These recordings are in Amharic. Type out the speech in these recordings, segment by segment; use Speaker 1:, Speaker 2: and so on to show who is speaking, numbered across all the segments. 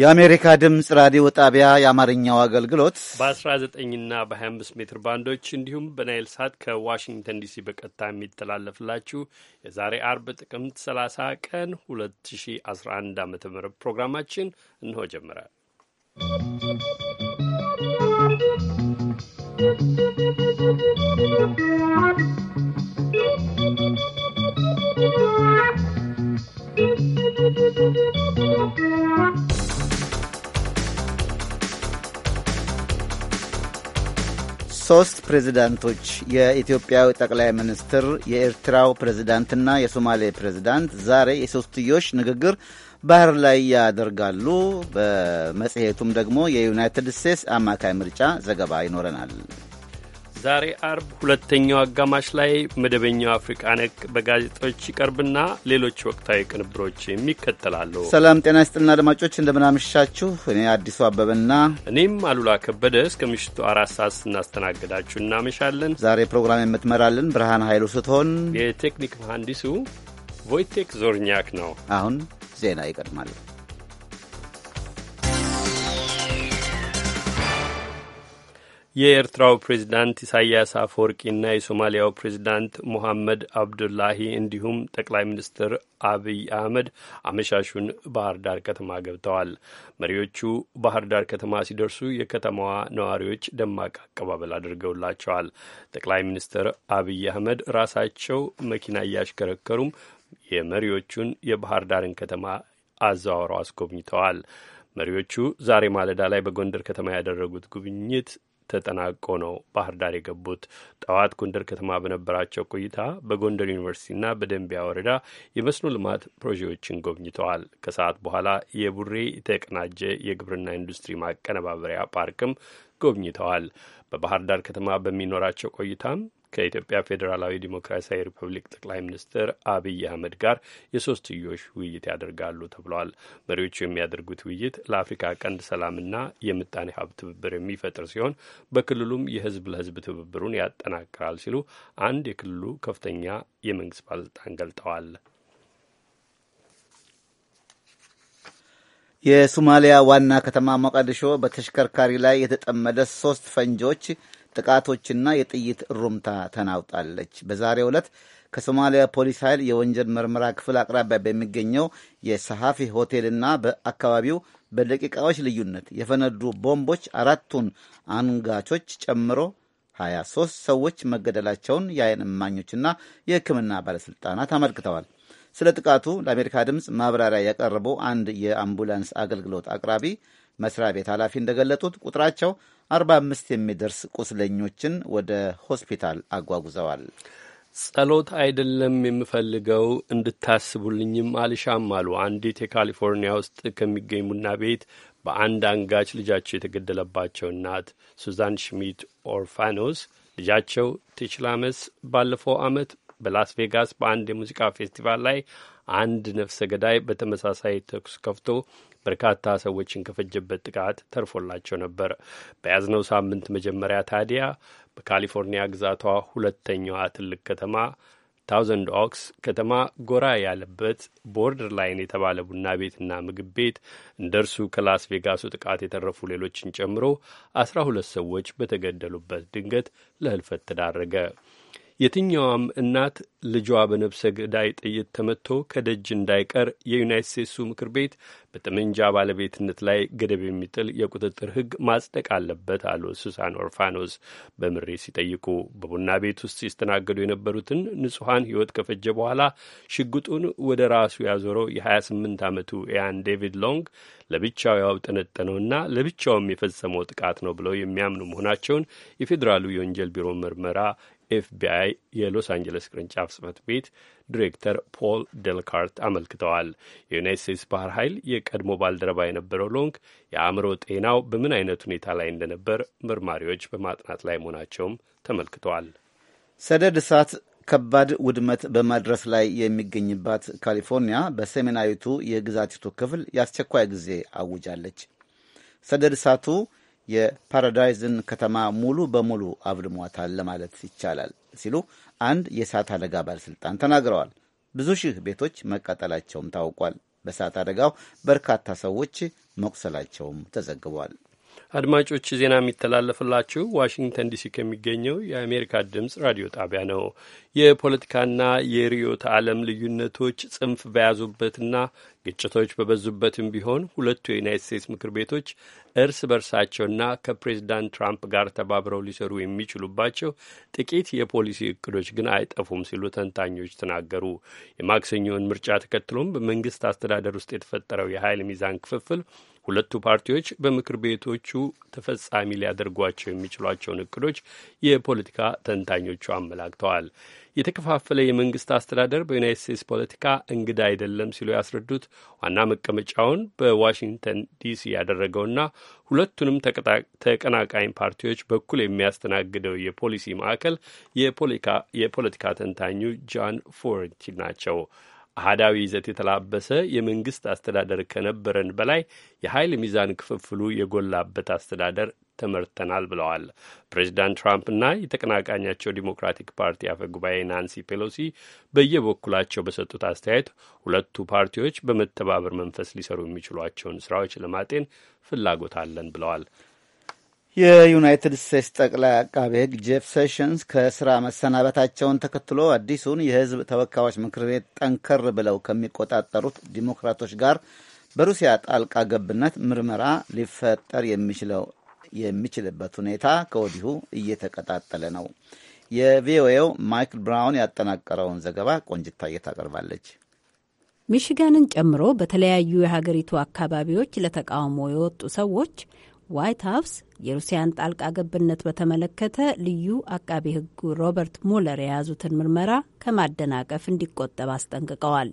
Speaker 1: የአሜሪካ ድምፅ ራዲዮ ጣቢያ የአማርኛው አገልግሎት
Speaker 2: በ19ና በ25 ሜትር ባንዶች እንዲሁም በናይል ሳት ከዋሽንግተን ዲሲ በቀጥታ የሚተላለፍላችሁ የዛሬ አርብ ጥቅምት 30 ቀን 2011 ዓ ም ፕሮግራማችን እንሆ ጀመረ።
Speaker 3: ¶¶
Speaker 1: ሶስት ፕሬዝዳንቶች የኢትዮጵያው ጠቅላይ ሚኒስትር፣ የኤርትራው ፕሬዝዳንትና የሶማሌ ፕሬዝዳንት ዛሬ የሶስትዮሽ ንግግር ባህር ላይ ያደርጋሉ። በመጽሔቱም ደግሞ የዩናይትድ ስቴትስ አማካይ ምርጫ ዘገባ ይኖረናል።
Speaker 2: ዛሬ አርብ ሁለተኛው አጋማሽ ላይ መደበኛው አፍሪቃ ነክ በጋዜጦች ይቀርብና ሌሎች ወቅታዊ ቅንብሮችም ይከተላሉ። ሰላም
Speaker 1: ጤና ይስጥልና አድማጮች እንደምናመሻችሁ። እኔ አዲሱ አበበና
Speaker 2: እኔም አሉላ ከበደ እስከ ምሽቱ አራት ሰዓት ስናስተናግዳችሁ እናመሻለን።
Speaker 1: ዛሬ ፕሮግራም የምትመራልን ብርሃን ኃይሉ ስትሆን የቴክኒክ መሐንዲሱ ቮይቴክ ዞርኛክ ነው። አሁን ዜና ይቀድማል።
Speaker 2: የኤርትራው ፕሬዚዳንት ኢሳያስ አፈወርቂና የሶማሊያው ፕሬዚዳንት ሞሐመድ አብዱላሂ እንዲሁም ጠቅላይ ሚኒስትር አብይ አህመድ አመሻሹን ባህር ዳር ከተማ ገብተዋል። መሪዎቹ ባህር ዳር ከተማ ሲደርሱ የከተማዋ ነዋሪዎች ደማቅ አቀባበል አድርገውላቸዋል። ጠቅላይ ሚኒስትር አብይ አህመድ ራሳቸው መኪና እያሽከረከሩም የመሪዎቹን የባህር ዳርን ከተማ አዘዋውረው አስጎብኝተዋል። መሪዎቹ ዛሬ ማለዳ ላይ በጎንደር ከተማ ያደረጉት ጉብኝት ተጠናቆ ነው ባህር ዳር የገቡት። ጠዋት ጎንደር ከተማ በነበራቸው ቆይታ በጎንደር ዩኒቨርሲቲና በደንቢያ ወረዳ የመስኖ ልማት ፕሮጀክቶችን ጎብኝተዋል። ከሰዓት በኋላ የቡሬ የተቀናጀ የግብርና ኢንዱስትሪ ማቀነባበሪያ ፓርክም ጎብኝተዋል። በባህር ዳር ከተማ በሚኖራቸው ቆይታም ከኢትዮጵያ ፌዴራላዊ ዲሞክራሲያዊ ሪፐብሊክ ጠቅላይ ሚኒስትር አብይ አህመድ ጋር የሶስትዮሽ ውይይት ያደርጋሉ ተብሏል። መሪዎቹ የሚያደርጉት ውይይት ለአፍሪካ ቀንድ ሰላምና የምጣኔ ሀብት ትብብር የሚፈጥር ሲሆን በክልሉም የህዝብ ለህዝብ ትብብሩን ያጠናክራል ሲሉ አንድ የክልሉ ከፍተኛ የመንግስት ባለስልጣን ገልጠዋል።
Speaker 1: የሶማሊያ ዋና ከተማ ሞቃዲሾ በተሽከርካሪ ላይ የተጠመደ ሶስት ፈንጂዎች ጥቃቶችና የጥይት እሩምታ ተናውጣለች። በዛሬው ዕለት ከሶማሊያ ፖሊስ ኃይል የወንጀል ምርመራ ክፍል አቅራቢያ በሚገኘው የሰሐፊ ሆቴልና በአካባቢው በደቂቃዎች ልዩነት የፈነዱ ቦምቦች አራቱን አንጋቾች ጨምሮ 23 ሰዎች መገደላቸውን የአይን እማኞችና የሕክምና ባለሥልጣናት አመልክተዋል። ስለ ጥቃቱ ለአሜሪካ ድምፅ ማብራሪያ ያቀረቡ አንድ የአምቡላንስ አገልግሎት አቅራቢ መስሪያ ቤት ኃላፊ እንደገለጡት ቁጥራቸው 45 የሚደርስ ቁስለኞችን ወደ ሆስፒታል አጓጉዘዋል። ጸሎት አይደለም የምፈልገው እንድታስቡልኝም አልሻም
Speaker 2: አሉ አንዲት የካሊፎርኒያ ውስጥ ከሚገኝ ቡና ቤት በአንድ አንጋች ልጃቸው የተገደለባቸው እናት ሱዛን ሽሚት ኦርፋኖስ ልጃቸው ቲችላመስ ባለፈው ዓመት በላስ ቬጋስ በአንድ የሙዚቃ ፌስቲቫል ላይ አንድ ነፍሰ ገዳይ በተመሳሳይ ተኩስ ከፍቶ በርካታ ሰዎችን ከፈጀበት ጥቃት ተርፎላቸው ነበር። በያዝነው ሳምንት መጀመሪያ ታዲያ በካሊፎርኒያ ግዛቷ ሁለተኛዋ ትልቅ ከተማ ታውዘንድ ኦክስ ከተማ ጎራ ያለበት ቦርደር ላይን የተባለ ቡና ቤትና ምግብ ቤት እንደ እርሱ ከላስ ቬጋሱ ጥቃት የተረፉ ሌሎችን ጨምሮ አስራ ሁለት ሰዎች በተገደሉበት ድንገት ለህልፈት ተዳረገ። የትኛዋም እናት ልጇ በነብሰ ገዳይ ጥይት ተመትቶ ከደጅ እንዳይቀር የዩናይት ስቴትሱ ምክር ቤት በጠመንጃ ባለቤትነት ላይ ገደብ የሚጥል የቁጥጥር ሕግ ማጽደቅ አለበት አሉ ሱሳን ኦርፋኖስ በምሬት ሲጠይቁ። በቡና ቤት ውስጥ ሲስተናገዱ የነበሩትን ንጹሐን ሕይወት ከፈጀ በኋላ ሽጉጡን ወደ ራሱ ያዞረው የ28 ዓመቱ ኤያን ዴቪድ ሎንግ ለብቻው ያውጠነጠነውና ለብቻውም የፈጸመው ጥቃት ነው ብለው የሚያምኑ መሆናቸውን የፌዴራሉ የወንጀል ቢሮ ምርመራ ኤፍቢአይ የሎስ አንጀለስ ቅርንጫፍ ጽህፈት ቤት ዲሬክተር ፖል ደልካርት አመልክተዋል። የዩናይት ስቴትስ ባህር ኃይል የቀድሞ ባልደረባ የነበረው ሎንግ የአእምሮ ጤናው በምን አይነት ሁኔታ ላይ እንደነበር መርማሪዎች በማጥናት ላይ መሆናቸውም ተመልክተዋል።
Speaker 1: ሰደድ እሳት ከባድ ውድመት በማድረስ ላይ የሚገኝባት ካሊፎርኒያ በሰሜናዊቱ የግዛቲቱ ክፍል የአስቸኳይ ጊዜ አውጃለች። ሰደድ እሳቱ የፓራዳይዝን ከተማ ሙሉ በሙሉ አውድሟታል ለማለት ይቻላል ሲሉ አንድ የእሳት አደጋ ባለሥልጣን ተናግረዋል። ብዙ ሺህ ቤቶች መቃጠላቸውም ታውቋል። በእሳት አደጋው በርካታ ሰዎች መቁሰላቸውም ተዘግቧል።
Speaker 2: አድማጮች ዜና የሚተላለፍላችሁ ዋሽንግተን ዲሲ ከሚገኘው የአሜሪካ ድምፅ ራዲዮ ጣቢያ ነው። የፖለቲካና የርዕዮተ ዓለም ልዩነቶች ጽንፍ በያዙበትና ግጭቶች በበዙበትም ቢሆን ሁለቱ የዩናይት ስቴትስ ምክር ቤቶች እርስ በርሳቸውና ከፕሬዚዳንት ትራምፕ ጋር ተባብረው ሊሰሩ የሚችሉባቸው ጥቂት የፖሊሲ እቅዶች ግን አይጠፉም ሲሉ ተንታኞች ተናገሩ። የማክሰኞውን ምርጫ ተከትሎም በመንግስት አስተዳደር ውስጥ የተፈጠረው የኃይል ሚዛን ክፍፍል ሁለቱ ፓርቲዎች በምክር ቤቶቹ ተፈጻሚ ሊያደርጓቸው የሚችሏቸውን እቅዶች የፖለቲካ ተንታኞቹ አመላክተዋል። የተከፋፈለ የመንግስት አስተዳደር በዩናይት ስቴትስ ፖለቲካ እንግዳ አይደለም ሲሉ ያስረዱት ዋና መቀመጫውን በዋሽንግተን ዲሲ ያደረገውና ሁለቱንም ተቀናቃኝ ፓርቲዎች በኩል የሚያስተናግደው የፖሊሲ ማዕከል የፖለቲካ ተንታኙ ጃን ፎርንቲ ናቸው። አህዳዊ ይዘት የተላበሰ የመንግስት አስተዳደር ከነበረን በላይ የኃይል ሚዛን ክፍፍሉ የጎላበት አስተዳደር ተመርተናል ብለዋል። ፕሬዚዳንት ትራምፕና የተቀናቃኛቸው ዲሞክራቲክ ፓርቲ አፈ ጉባኤ ናንሲ ፔሎሲ በየበኩላቸው በሰጡት አስተያየት ሁለቱ ፓርቲዎች በመተባበር መንፈስ ሊሰሩ የሚችሏቸውን ስራዎች ለማጤን ፍላጎት አለን ብለዋል።
Speaker 1: የዩናይትድ ስቴትስ ጠቅላይ አቃቤ ሕግ ጄፍ ሴሽንስ ከስራ መሰናበታቸውን ተከትሎ አዲሱን የሕዝብ ተወካዮች ምክር ቤት ጠንከር ብለው ከሚቆጣጠሩት ዲሞክራቶች ጋር በሩሲያ ጣልቃ ገብነት ምርመራ ሊፈጠር የሚችልበት ሁኔታ ከወዲሁ እየተቀጣጠለ ነው። የቪኦኤው ማይክል ብራውን ያጠናቀረውን ዘገባ ቆንጅታየ ታቀርባለች።
Speaker 4: ሚሽጋንን ጨምሮ በተለያዩ የሀገሪቱ አካባቢዎች ለተቃውሞ የወጡ ሰዎች ዋይት ሀውስ የሩሲያን ጣልቃ ገብነት በተመለከተ ልዩ አቃቢ ሕጉ ሮበርት ሙለር የያዙትን ምርመራ ከማደናቀፍ እንዲቆጠብ አስጠንቅቀዋል።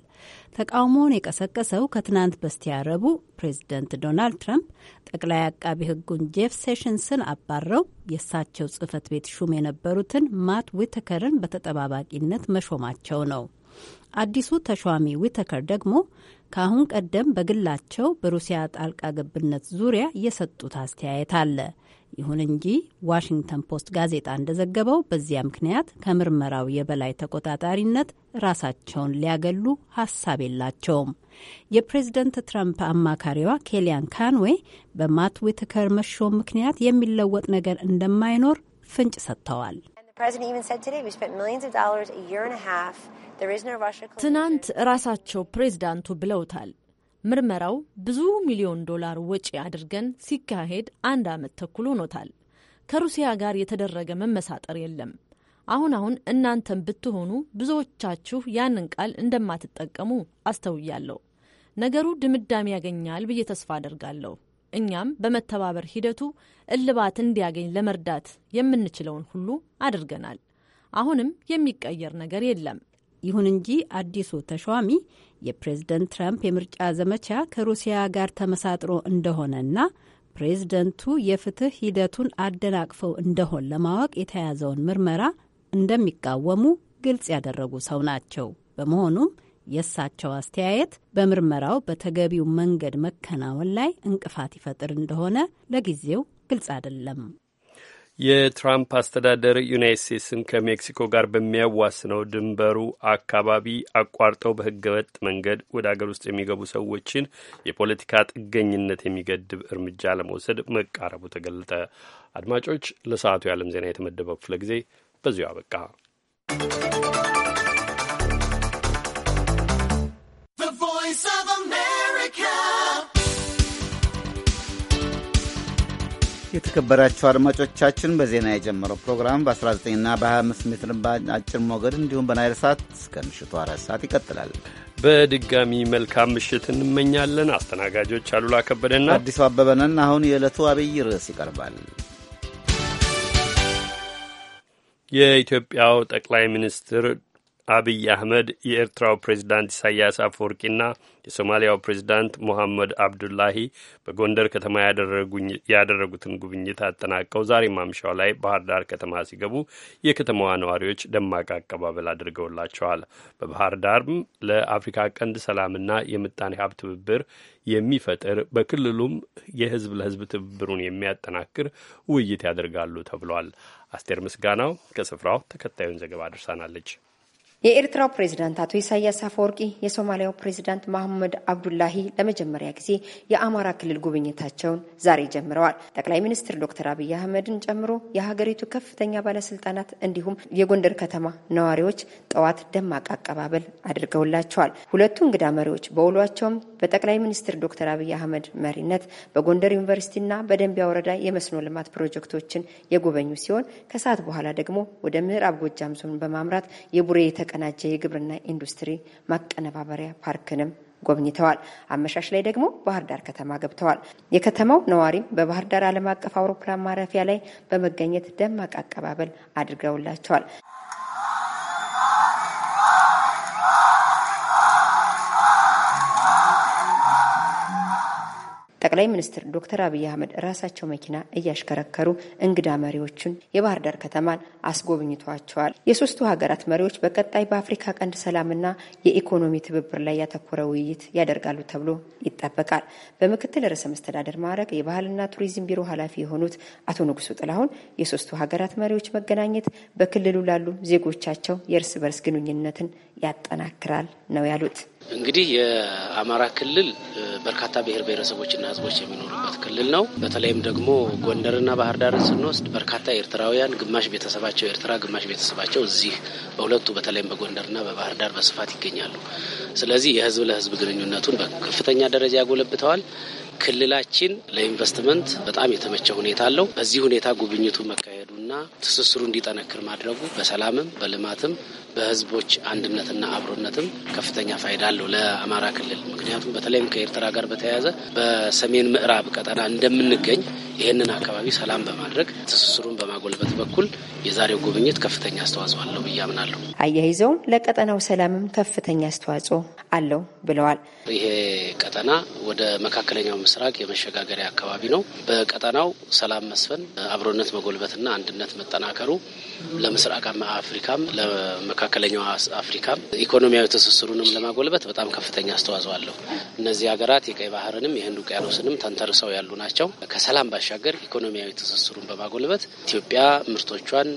Speaker 4: ተቃውሞውን የቀሰቀሰው ከትናንት በስቲያ ረቡዕ ፕሬዚደንት ዶናልድ ትራምፕ ጠቅላይ አቃቢ ሕጉን ጄፍ ሴሽንስን አባረው የእሳቸው ጽህፈት ቤት ሹም የነበሩትን ማት ዊተከርን በተጠባባቂነት መሾማቸው ነው። አዲሱ ተሿሚ ዊተከር ደግሞ ከአሁን ቀደም በግላቸው በሩሲያ ጣልቃ ገብነት ዙሪያ የሰጡት አስተያየት አለ። ይሁን እንጂ ዋሽንግተን ፖስት ጋዜጣ እንደዘገበው በዚያ ምክንያት ከምርመራው የበላይ ተቆጣጣሪነት ራሳቸውን ሊያገሉ ሀሳብ የላቸውም። የፕሬዝደንት ትራምፕ አማካሪዋ ኬሊያን ካንዌ በማት ዊትከር መሾም ምክንያት የሚለወጥ ነገር እንደማይኖር ፍንጭ ሰጥተዋል። ትናንት ራሳቸው ፕሬዝዳንቱ ብለውታል። ምርመራው ብዙ ሚሊዮን ዶላር ወጪ አድርገን ሲካሄድ አንድ ዓመት ተኩል ሆኖታል። ከሩሲያ ጋር የተደረገ መመሳጠር የለም። አሁን አሁን እናንተም ብትሆኑ ብዙዎቻችሁ ያንን ቃል እንደማትጠቀሙ አስተውያለሁ። ነገሩ ድምዳሜ ያገኛል ብዬ ተስፋ አደርጋለሁ። እኛም በመተባበር ሂደቱ እልባት እንዲያገኝ ለመርዳት የምንችለውን ሁሉ አድርገናል። አሁንም የሚቀየር ነገር የለም። ይሁን እንጂ አዲሱ ተሿሚ የፕሬዝደንት ትራምፕ የምርጫ ዘመቻ ከሩሲያ ጋር ተመሳጥሮ እንደሆነና ፕሬዝደንቱ የፍትህ ሂደቱን አደናቅፈው እንደሆን ለማወቅ የተያዘውን ምርመራ እንደሚቃወሙ ግልጽ ያደረጉ ሰው ናቸው። በመሆኑም የእሳቸው አስተያየት በምርመራው በተገቢው መንገድ መከናወን ላይ እንቅፋት ይፈጥር እንደሆነ ለጊዜው ግልጽ አይደለም።
Speaker 2: የትራምፕ አስተዳደር ዩናይት ስቴትስን ከሜክሲኮ ጋር በሚያዋስነው ድንበሩ አካባቢ አቋርጠው በህገወጥ መንገድ ወደ አገር ውስጥ የሚገቡ ሰዎችን የፖለቲካ ጥገኝነት የሚገድብ እርምጃ ለመውሰድ መቃረቡ ተገለጠ። አድማጮች፣ ለሰዓቱ የዓለም ዜና የተመደበው ክፍለ ጊዜ በዚሁ አበቃ።
Speaker 1: የተከበራቸው አድማጮቻችን በዜና የጀመረው ፕሮግራም በ19ና በ25 ሜትር አጭር ሞገድ እንዲሁም በናይል ሰዓት እስከ ምሽቱ አራት ሰዓት ይቀጥላል።
Speaker 2: በድጋሚ መልካም ምሽት እንመኛለን። አስተናጋጆች አሉላ ከበደና አዲሱ
Speaker 1: አበበነን። አሁን የዕለቱ አብይ ርዕስ ይቀርባል።
Speaker 2: የኢትዮጵያው ጠቅላይ ሚኒስትር አብይ አህመድ የኤርትራው ፕሬዚዳንት ኢሳያስ አፈወርቂና የሶማሊያው ፕሬዚዳንት ሞሐመድ አብዱላሂ በጎንደር ከተማ ያደረጉትን ጉብኝት አጠናቀው ዛሬ ማምሻው ላይ ባህር ዳር ከተማ ሲገቡ የከተማዋ ነዋሪዎች ደማቅ አቀባበል አድርገውላቸዋል። በባህር ዳርም ለአፍሪካ ቀንድ ሰላምና የምጣኔ ሀብት ትብብር የሚፈጥር በክልሉም የህዝብ ለህዝብ ትብብሩን የሚያጠናክር ውይይት ያደርጋሉ ተብሏል። አስቴር ምስጋናው ከስፍራው ተከታዩን ዘገባ አድርሳናለች።
Speaker 5: የኤርትራው ፕሬዝዳንት አቶ ኢሳያስ አፈወርቂ የሶማሊያው ፕሬዝዳንት መሐመድ አብዱላሂ ለመጀመሪያ ጊዜ የአማራ ክልል ጉብኝታቸውን ዛሬ ጀምረዋል። ጠቅላይ ሚኒስትር ዶክተር አብይ አህመድን ጨምሮ የሀገሪቱ ከፍተኛ ባለስልጣናት እንዲሁም የጎንደር ከተማ ነዋሪዎች ጠዋት ደማቅ አቀባበል አድርገውላቸዋል። ሁለቱ እንግዳ መሪዎች በውሏቸውም በጠቅላይ ሚኒስትር ዶክተር አብይ አህመድ መሪነት በጎንደር ዩኒቨርሲቲና በደንቢያ ወረዳ የመስኖ ልማት ፕሮጀክቶችን የጎበኙ ሲሆን ከሰዓት በኋላ ደግሞ ወደ ምዕራብ ጎጃም ዞን በማምራት የቡሬ የተቀናጀ የግብርና ኢንዱስትሪ ማቀነባበሪያ ፓርክንም ጎብኝተዋል። አመሻሽ ላይ ደግሞ ባህር ዳር ከተማ ገብተዋል። የከተማው ነዋሪም በባህር ዳር ዓለም አቀፍ አውሮፕላን ማረፊያ ላይ በመገኘት ደማቅ አቀባበል አድርገውላቸዋል። ጠቅላይ ሚኒስትር ዶክተር አብይ አህመድ ራሳቸው መኪና እያሽከረከሩ እንግዳ መሪዎቹን የባህር ዳር ከተማን አስጎብኝቷቸዋል። የሶስቱ ሀገራት መሪዎች በቀጣይ በአፍሪካ ቀንድ ሰላምና የኢኮኖሚ ትብብር ላይ ያተኮረ ውይይት ያደርጋሉ ተብሎ ይጠበቃል። በምክትል ርዕሰ መስተዳደር ማዕረግ የባህልና ቱሪዝም ቢሮ ኃላፊ የሆኑት አቶ ንጉሱ ጥላሁን የሶስቱ ሀገራት መሪዎች መገናኘት በክልሉ ላሉ ዜጎቻቸው የእርስ በርስ ግንኙነትን ያጠናክራል ነው ያሉት።
Speaker 6: እንግዲህ የአማራ ክልል በርካታ ብሔር ብሔረሰቦችና ህዝቦች የሚኖሩበት ክልል ነው። በተለይም ደግሞ ጎንደርና ባህር ዳርን ስንወስድ በርካታ ኤርትራውያን፣ ግማሽ ቤተሰባቸው ኤርትራ፣ ግማሽ ቤተሰባቸው እዚህ በሁለቱ በተለይም በጎንደርና በባህር ዳር በስፋት ይገኛሉ። ስለዚህ የህዝብ ለህዝብ ግንኙነቱን በከፍተኛ ደረጃ ያጎለብተዋል። ክልላችን ለኢንቨስትመንት በጣም የተመቸ ሁኔታ አለው። በዚህ ሁኔታ ጉብኝቱ መካሄዱና ትስስሩ እንዲጠነክር ማድረጉ በሰላምም በልማትም በህዝቦች አንድነትና አብሮነትም ከፍተኛ ፋይዳ አለው ለአማራ ክልል። ምክንያቱም በተለይም ከኤርትራ ጋር በተያያዘ በሰሜን ምዕራብ ቀጠና እንደምንገኝ ይህንን አካባቢ ሰላም በማድረግ ትስስሩን በማጎልበት በኩል የዛሬው ጉብኝት ከፍተኛ አስተዋጽኦ አለው ብዬ አምናለሁ።
Speaker 5: አያይዘውም ለቀጠናው ሰላምም ከፍተኛ አስተዋጽኦ አለው ብለዋል።
Speaker 6: ይሄ ቀጠና ወደ መካከለኛው ምስራቅ የመሸጋገሪያ አካባቢ ነው። በቀጠናው ሰላም መስፈን፣ አብሮነት መጎልበትና አንድነት መጠናከሩ ለምስራቅ አፍሪካም መካከለኛው አፍሪካም ኢኮኖሚያዊ ትስስሩንም ለማጎልበት በጣም ከፍተኛ አስተዋጽኦ አለው። እነዚህ ሀገራት የቀይ ባህርንም የህንድ ውቅያኖስንም ተንተርሰው ያሉ ናቸው። ከሰላም ባሻገር ኢኮኖሚያዊ ትስስሩን በማጎልበት ኢትዮጵያ ምርቶቿን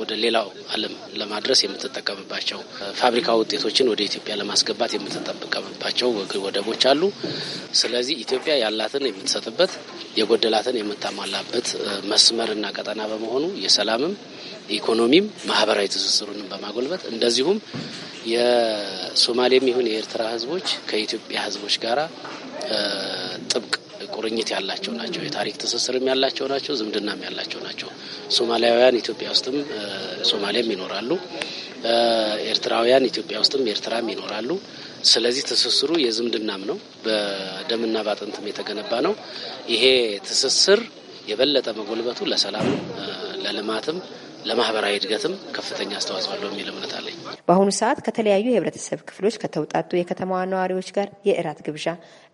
Speaker 6: ወደ ሌላው ዓለም ለማድረስ የምትጠቀምባቸው ፋብሪካ ውጤቶችን ወደ ኢትዮጵያ ለማስገባት የምትጠቀምባቸው ወደቦች አሉ። ስለዚህ ኢትዮጵያ ያላትን የምትሰጥበት የጎደላትን የምታሟላበት መስመርና ቀጠና በመሆኑ የሰላምም ኢኮኖሚም ማህበራዊ ትስስሩንም በማጎልበት እንደዚሁም የሶማሌም ይሁን የኤርትራ ህዝቦች ከኢትዮጵያ ህዝቦች ጋራ ጥብቅ ቁርኝት ያላቸው ናቸው። የታሪክ ትስስርም ያላቸው ናቸው። ዝምድናም ያላቸው ናቸው። ሶማሊያውያን ኢትዮጵያ ውስጥም ሶማሊያም ይኖራሉ። ኤርትራውያን ኢትዮጵያ ውስጥም ኤርትራም ይኖራሉ። ስለዚህ ትስስሩ የዝምድናም ነው፣ በደምና በአጥንትም የተገነባ ነው። ይሄ ትስስር የበለጠ መጎልበቱ ለሰላም ለልማትም ለማህበራዊ እድገትም ከፍተኛ አስተዋጽኦ አለው የሚል እምነት አለኝ።
Speaker 5: በአሁኑ ሰዓት ከተለያዩ የህብረተሰብ ክፍሎች ከተውጣጡ የከተማዋ ነዋሪዎች ጋር የእራት ግብዣ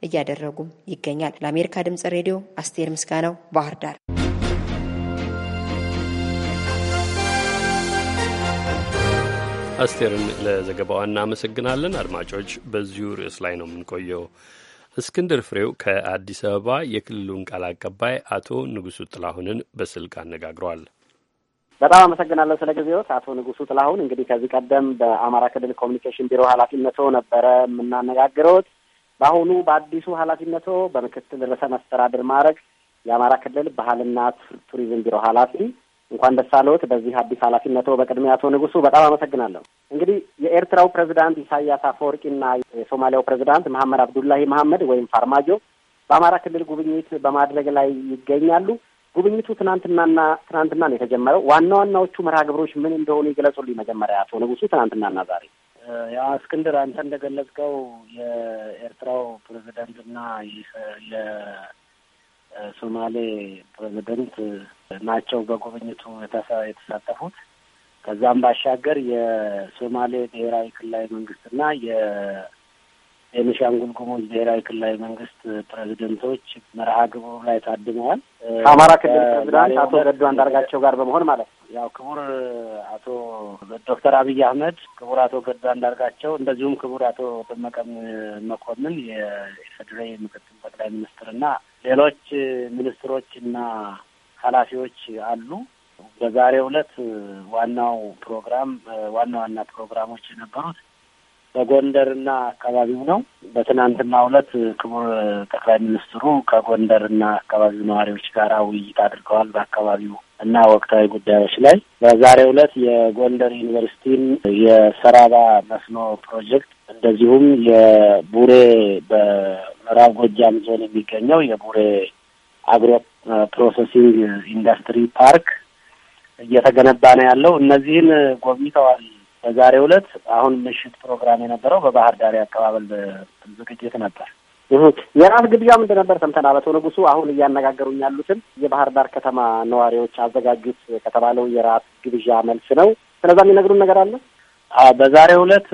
Speaker 5: እያደረጉም ይገኛል። ለአሜሪካ ድምጽ ሬዲዮ አስቴር ምስጋናው ባህር ዳር።
Speaker 2: አስቴርን ለዘገባዋ እናመሰግናለን። አድማጮች፣ በዚሁ ርዕስ ላይ ነው የምንቆየው። እስክንድር ፍሬው ከአዲስ አበባ የክልሉን ቃል አቀባይ አቶ ንጉሱ ጥላሁንን በስልክ አነጋግሯል።
Speaker 7: በጣም አመሰግናለሁ ስለ ጊዜዎት አቶ ንጉሱ ጥላሁን። እንግዲህ ከዚህ ቀደም በአማራ ክልል ኮሚኒኬሽን ቢሮ ኃላፊነቶ ነበረ የምናነጋግረውት። በአሁኑ በአዲሱ ኃላፊነቶ በምክትል ርዕሰ መስተዳድር ማዕረግ የአማራ ክልል ባህልና ቱሪዝም ቢሮ ኃላፊ እንኳን ደስ አለዎት በዚህ አዲስ ኃላፊነቶ። በቅድሚያ አቶ ንጉሱ በጣም አመሰግናለሁ። እንግዲህ የኤርትራው ፕሬዚዳንት ኢሳያስ አፈወርቂና የሶማሊያው ፕሬዚዳንት መሐመድ አብዱላሂ መሐመድ ወይም ፋርማጆ በአማራ ክልል ጉብኝት በማድረግ ላይ ይገኛሉ። ጉብኝቱ ትናንትናና ትናንትና ነው የተጀመረው። ዋና ዋናዎቹ መርሃ ግብሮች ምን እንደሆኑ ይገለጹልኝ መጀመሪያ አቶ ንጉሱ። ትናንትናና ዛሬ ያ እስክንድር፣ አንተ እንደገለጽከው የኤርትራው ፕሬዚደንትና የሶማሌ ፕሬዚደንት ናቸው በጉብኝቱ የተሳተፉት። ከዛም ባሻገር የሶማሌ ብሔራዊ ክልላዊ መንግስትና የቤኒሻንጉል ጉሙዝ ብሔራዊ ክልላዊ መንግስት ፕሬዚደንቶች መርሃ ግብሩ ላይ ታድመዋል። ከአማራ ክልል ፕሬዚዳንት አቶ ገዱ አንዳርጋቸው ጋር በመሆን ማለት ነው። ያው ክቡር አቶ ዶክተር አብይ አህመድ፣ ክቡር አቶ ገዱ አንዳርጋቸው እንደዚሁም ክቡር አቶ ደመቀ መኮንን የኢፌዴሪ ምክትል ጠቅላይ ሚኒስትር እና ሌሎች ሚኒስትሮች እና ኃላፊዎች አሉ። በዛሬው ዕለት ዋናው ፕሮግራም ዋና ዋና ፕሮግራሞች የነበሩት በጎንደርና አካባቢው ነው። በትናንትና ሁለት ክቡር ጠቅላይ ሚኒስትሩ ከጎንደርና አካባቢው ነዋሪዎች ጋር ውይይት አድርገዋል በአካባቢው እና ወቅታዊ ጉዳዮች ላይ። በዛሬው ዕለት የጎንደር ዩኒቨርሲቲን የሰራባ መስኖ ፕሮጀክት እንደዚሁም የቡሬ በምዕራብ ጎጃም ዞን የሚገኘው የቡሬ አግሮ ፕሮሰሲንግ ኢንዱስትሪ ፓርክ እየተገነባ ነው ያለው። እነዚህን ጎብኝተዋል በዛሬው ዕለት አሁን ምሽት ፕሮግራም የነበረው በባህር ዳር አቀባበል ዝግጅት ነበር። የራት ግብዣ ምንድን ነበር? ሰምተናል። አቶ ንጉሱ አሁን እያነጋገሩኝ ያሉትን የባህር ዳር ከተማ ነዋሪዎች አዘጋጁት ከተባለው የራት ግብዣ መልስ ነው። ስለዛ የሚነግሩን ነገር አለ። በዛሬው ዕለት